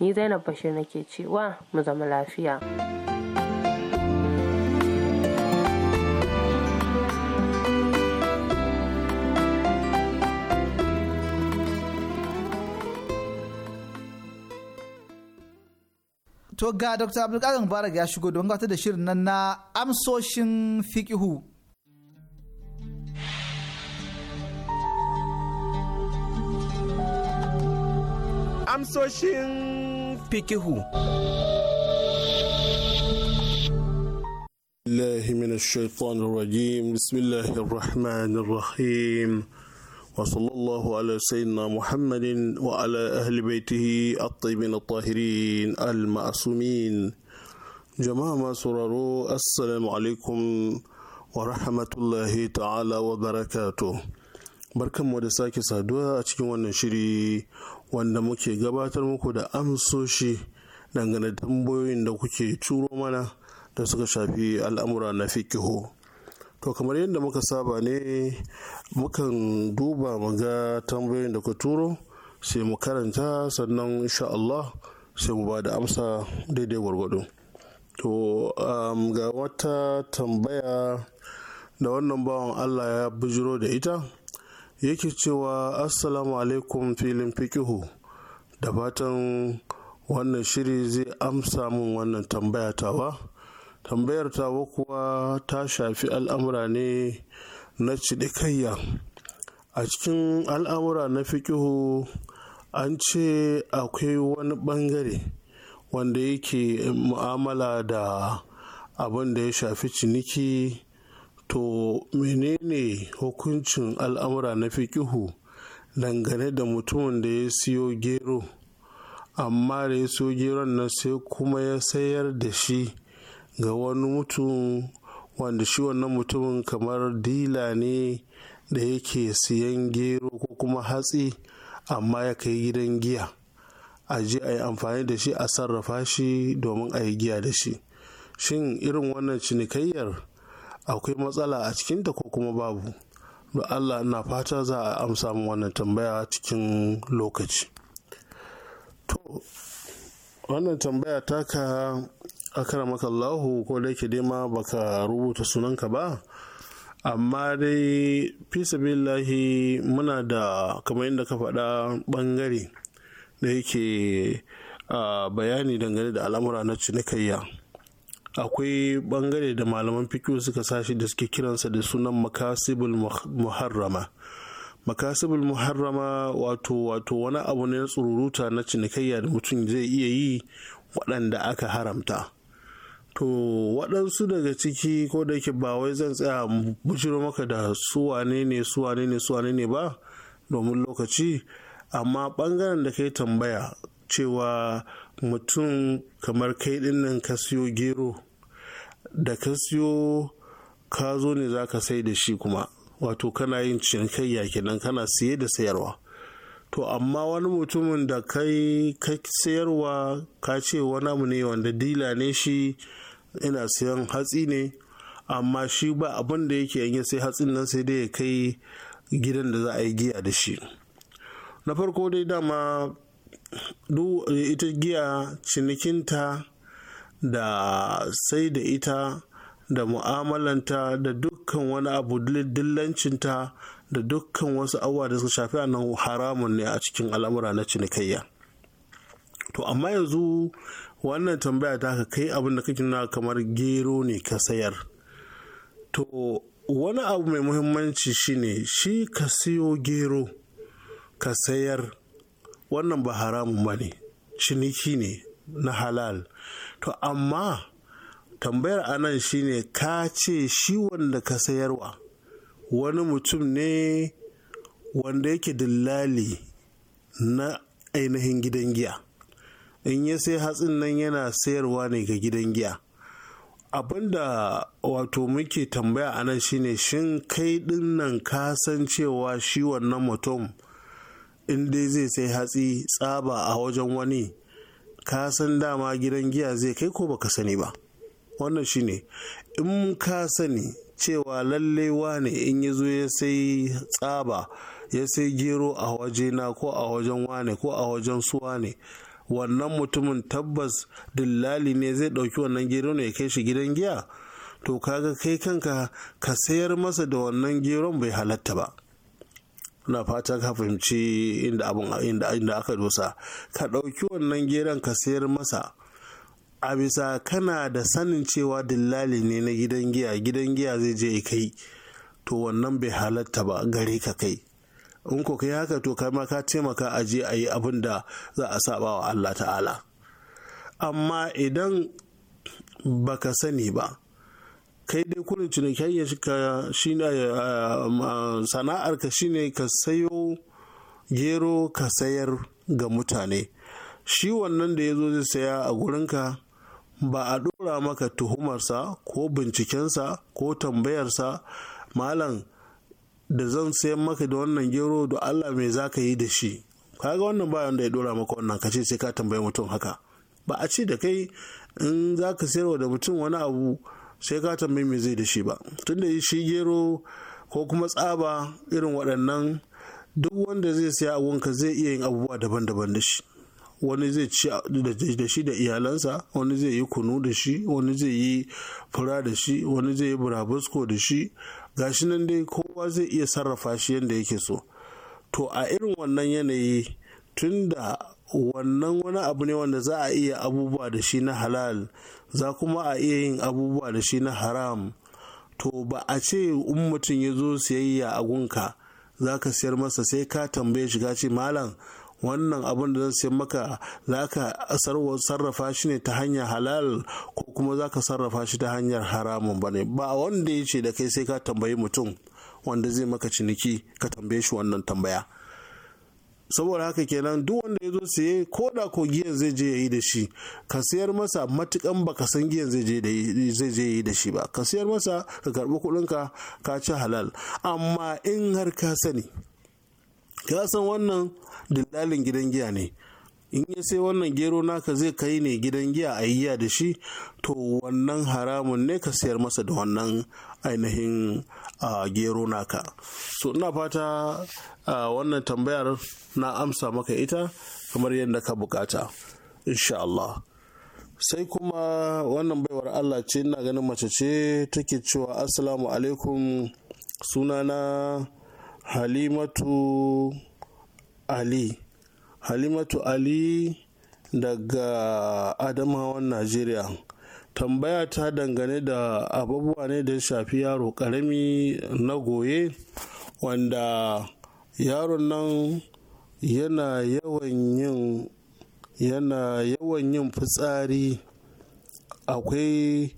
ni zainab bashir nake cewa mu zama lafiya to ga dr abdulkadir mubarak ya shigo don gata da shirin nan na amsoshin fikihu amsoshin fikihu. الله من الشيطان الرجيم بسم الله الرحمن الرحيم وصلى الله على سيدنا محمد وعلى أهل بيته الطيبين الطاهرين المعصومين جماعة سرروا السلام عليكم ورحمة الله تعالى وبركاته barkan mu da sake saduwa a cikin wannan shiri wanda muke gabatar muku da amsoshi dangane da tambayoyin da kuke turo mana da suka shafi al'amura na fikihu to kamar yadda muka saba ne mukan duba mu ga tambayoyin da ku turo sai mu karanta sannan insha Allah sai mu ba da amsa daidai gwargwado to ga wata tambaya da wannan bawan Allah ya bujiro da ita yake cewa assalamu alaikum filin fikihu da fatan wannan shiri zai amsa min wannan tambaya tawa tambayar tawa kuwa ta shafi al'amura ne na cidikayya a cikin al'amura na fikihu an ce akwai wani bangare wanda yake mu'amala da abin da ya shafi ciniki to menene hukuncin al'amura na fikihu dangane da mutumin da ya siyo gero amma da ya siyo geron nan sai kuma ya sayar da shi ga wani mutum wanda shi wannan mutumin kamar dila ne da yake siyan gero ko kuma hatsi amma ya kai gidan giya a je a yi amfani da shi a sarrafa shi domin a yi giya da shi shin irin wannan cinikayyar akwai matsala a cikinta ko kuma babu da allah na fata za a amsa mu wannan tambaya cikin lokaci to wannan tambaya taka maka allahu ko da yake dai ma baka rubuta sunanka ba amma dai billahi muna da kamar yadda ka faɗa ɓangare da yake ah, bayani dangane da al'amura na cinikayya akwai bangare da malaman fikiyo suka sashi da suke kiransa da sunan makasibul muharrama makasibul muharrama wato wato wani abu ne na tsururuta na cinikayya da mutum zai iya yi waɗanda aka haramta to waɗansu daga ciki ko da yake ba wai zan tsaya bujiro maka da su wane ne su wane ne su wane ne ba domin lokaci amma bangaren da ka yi tambaya cewa mutum kamar kai nan ka siyo gero da ka siyo ka zo ne za ka sai da shi kuma wato kana yin cinikayya kenan kana siye da sayarwa to amma wani mutumin da kai ka sayarwa ka ce wani abu ne wanda dila ne shi ina siyan hatsi ne amma shi ba abin da yake yanke sai hatsin nan sai dai ya kai gidan da za a yi giya da shi na farko dai dama duk eh, ita giya cinikinta da sai da ita da mu'amalanta da dukkan wani abu dillancinta da dukkan wasu abubuwa da suka shafi nan haramun ne a cikin al'amura na cinikayya to amma yanzu wannan tambaya ta ka kai abin da kake nuna kamar gero ne ka sayar to wani abu mai muhimmanci shine shi ka siyo gero ka sayar wannan ba haramun ba ne ciniki ne na halal to amma tambayar anan shine ka ce shi wanda ka sayarwa wani mutum ne wanda yake dillali na ainihin gidan giya in ya sai hatsin nan yana sayarwa ne ga gidan giya abinda wato muke tambaya anan shine shin kai din nan ka san cewa shi wannan mutum in dai zai sai hatsi tsaba a wajen wani ka san dama gidan giya zai kai ko baka sani ba wannan shine in ka sani cewa lalle wane in ya zo ya sai tsaba ya sai gero a wajena ko a wajen wane ko a wajen su wane wannan mutumin tabbas dillali ne zai ɗauki wannan gero ne ya kai shi gidan giya to kaga kai kanka ka sayar masa da wannan geron bai halatta ba na fata ka fahimci inda abun inda aka dosa ka ɗauki wannan geron ka sayar masa a bisa kana da sanin cewa dillali ne na gidan giya gidan giya zai je kai to wannan bai halatta ba gare ka kai in ko kai haka to kai ma ka taimaka a je a yi abin da za a saba wa Allah ta'ala amma idan baka sani ba kai dai kurin ya ya shine eh, sana'ar ka shine ka sayo gero ka sayar ga mutane shi wannan da ya zo zai saya a gurinka ba a dora maka tuhumarsa ko bincikensa ko tambayarsa malam da zan sayan maka da wannan gero da Allah mai za ka yi da shi kaga wannan ba wanda ya dora maka wannan kace sai ka tambayi mutum haka ba a ce da kai in za ka sayarwa da mutum wani abu sai ka tambayi me zai da shi ba tunda shi gero ko kuma tsaba irin waɗannan duk wanda zai saya a zai iya yin abubuwa daban-daban da shi wani zai ci da shi da iyalansa wani zai yi kunu da shi wani zai yi fura da shi wani zai yi burabusko da shi gashi nan dai kowa zai iya sarrafa shi yadda yake so to a irin wannan yanayi tunda wannan wani abu ne wanda za a iya abubuwa da shi na halal za kuma a iya yin abubuwa da shi na haram to ba a ce in mutum ya zo siyayya a gunka za ka siyar masa sai ka tambaye shiga ce malam wannan abin da zan siyar maka za ka sarrafa shi ne ta hanyar halal ko kuma za ka sarrafa shi ta hanyar haramun ba ne ba wanda ya ce da kai sai ka tambayi mutum wanda zai maka ciniki ka tambaye shi wannan tambaya saboda haka kenan duk wanda ya zo siye ko da ko giyan zai je ya yi da shi ka sayar masa matukan baka san giyan zai je ya yi da shi ba ka sayar masa ka karbi kuɗin ka ka ci halal amma in har ka sani ka san wannan dillalin gidan giya ne in ya sai wannan gero naka zai kai ne gidan giya a yiya da shi to wannan haramun ne ka sayar masa da wannan ainihin gero naka so ina fata wannan tambayar na amsa maka ita kamar yadda ka bukata insha Allah sai kuma wannan baiwar Allah ce ina ganin mace ce take cewa assalamu alaikum sunana halimatu ali halimatu ali daga adamawan najeriya tambaya ta dangane da abubuwa ne da shafi yaro karami na goye wanda yaron nan yana yawan yin yana yawan yin fitsari akwai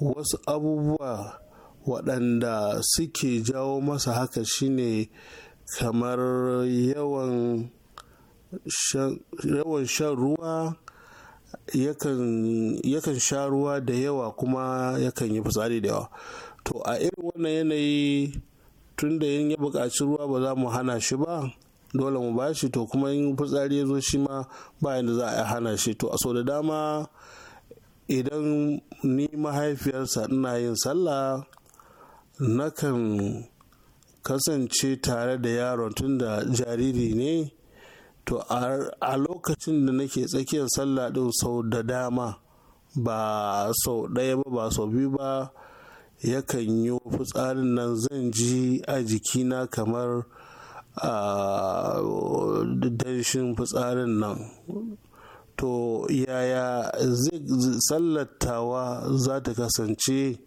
wasu abubuwa waɗanda suke jawo masa haka shine kamar yawan shan ruwa yakan sha ruwa da yawa kuma yakan yi fitsari da yawa to a irin wannan yanayi tun da yin ya buƙaci ruwa ba za mu hana shi ba dole mu ba shi to kuma yin fitsari ya zo shi ma ba da za a hana shi to a so da dama idan ni mahaifiyarsa ina yin sallah nakan kasance tare da yaron tun da jariri ne to a lokacin da nake tsakiyar sallah din sau da dama ba sau ɗaya ba ba sau biyu ba yakan yi fitsarin nan zan ji a jikina kamar a danshin fitsarin nan to yaya sallatawa za ta kasance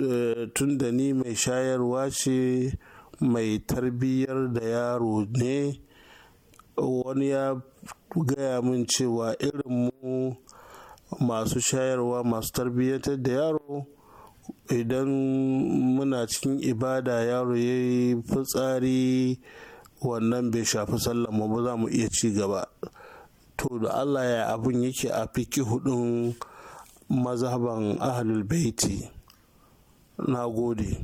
eh, tun da ni mai shayarwa ce mai tarbiyyar da yaro ne wani ya gaya min cewa irin mu masu shayarwa masu tarbiyyantar da yaro idan muna cikin ibada yaro ya yi fitsari wannan bai shafi sallan mu ba za mu iya ci gaba to da allah ya abin yake a fiki hudun mazhaban ahlul baiti na gode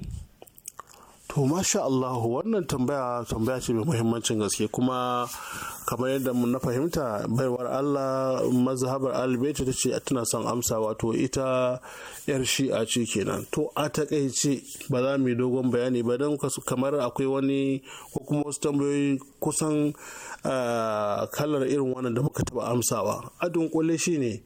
To masha Allah wannan tambaya tambaya ce mai muhimmancin gaske kuma kamar yadda na fahimta baiwar Allah mazhabar albaita ta ce tana son amsa wato ita yar shi'a ce kenan to a takaice ba za mu yi dogon bayani ba don kamar akwai wani ko kuma wasu tambayoyi kusan kalar irin wannan da muka taba amsawa a dunkule shine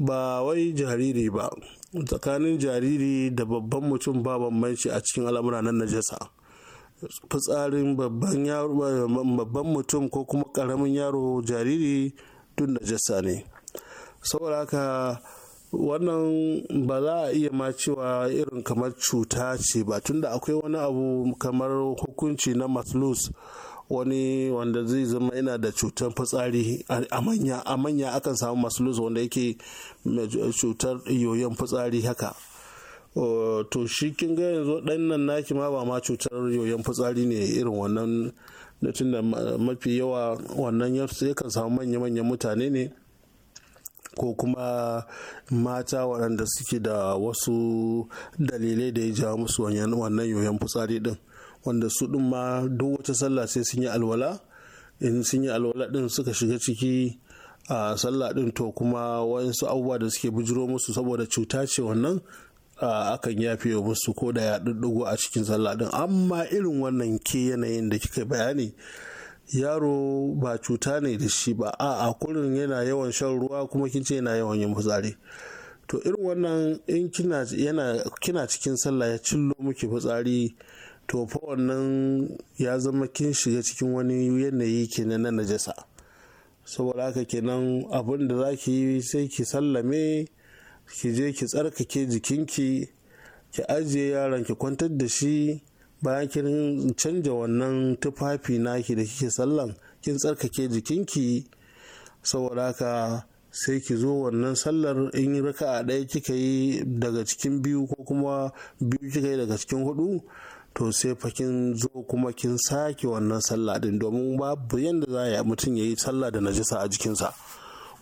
ba wai jariri ba tsakanin jariri da babban mutum ba bambanci a cikin al'amura na najasa fitsarin babban mutum ko kuma karamin yaro jariri duk najasa ne saboda haka wannan ba za a iya ma cewa irin kamar cuta ce ba tunda akwai wani abu kamar hukunci na maslus wani wanda zai zama yana da cutar fitsari a manya akan samu masu lusa wanda yake cutar yoyon fitsari haka to shi kin ga yanzu dan nan naki ma ba ma cutar yoyon fitsari ne irin wannan da mafi yawa wannan yakan samu manya-manyan mutane ne ko kuma mata waɗanda suke da wasu dalilai da ya jawo musu wannan yoyon fitsari din wanda su ɗin ma duk wata sallah sai sun yi alwala in sun yi alwala ɗin suka shiga ciki a sallah ɗin to kuma wasu abubuwa da suke bijiro musu saboda cuta ce wannan akan yafe musu ko da ya ɗuɗɗugo a cikin sallah ɗin amma irin wannan ke yanayin da kika bayani yaro ba cuta ne da shi ba a a kurin yana yawan shan ruwa kuma kin ce yana yawan yin fitsari to irin wannan in kina yana kina cikin sallah ya cillo miki fitsari to fa wannan ya zama kin shiga cikin wani yanayi kenan na najasa saboda haka kenan abin da za ki yi sai ki sallame ki je ki tsarkake jikinki ki ajiye yaron ki kwantar da shi bayan kin canja wannan tufafi naki da kike sallan kin tsarkake jikinki saboda haka sai ki zo wannan sallar in raka'a ɗaya kika yi daga cikin biyu ko kuma biyu kika yi daga cikin hudu to sai fa kin zo kuma kin sake wannan sallah din domin babu yanda za ya mutum ya yi sallah da najisa a jikinsa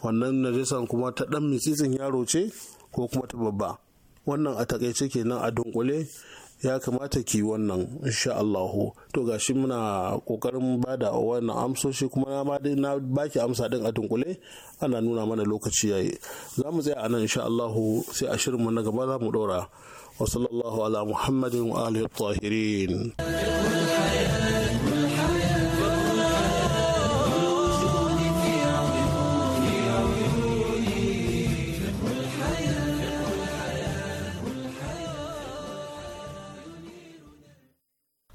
wannan najisan kuma ta dan mitsitsin yaro ce ko kuma ta babba wannan a takaice kenan a dunkule ya kamata ki wannan insha Allahu to gashi muna kokarin bada wannan amsoshi kuma na na baki amsa din a dunkule ana nuna mana lokaci yayi za mu tsaya a nan insha Allahu sai a shirin mu na gaba za mu ɗora. وصلى الله Muhammadin محمد وآله الطاهرين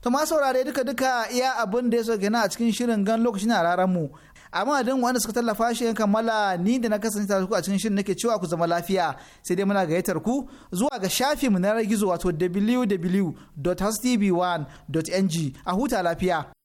To ma saurare duka duka iya abin da ya so gina a cikin shirin gan lokacin a mu a don wanda suka tallafa shi yan kammala ni da na kasance tare ku a cikin shirin nake cewa ku zama lafiya sai dai muna gayyatar ku zuwa ga mu na gizo wato wwwhastv 1ng a huta lafiya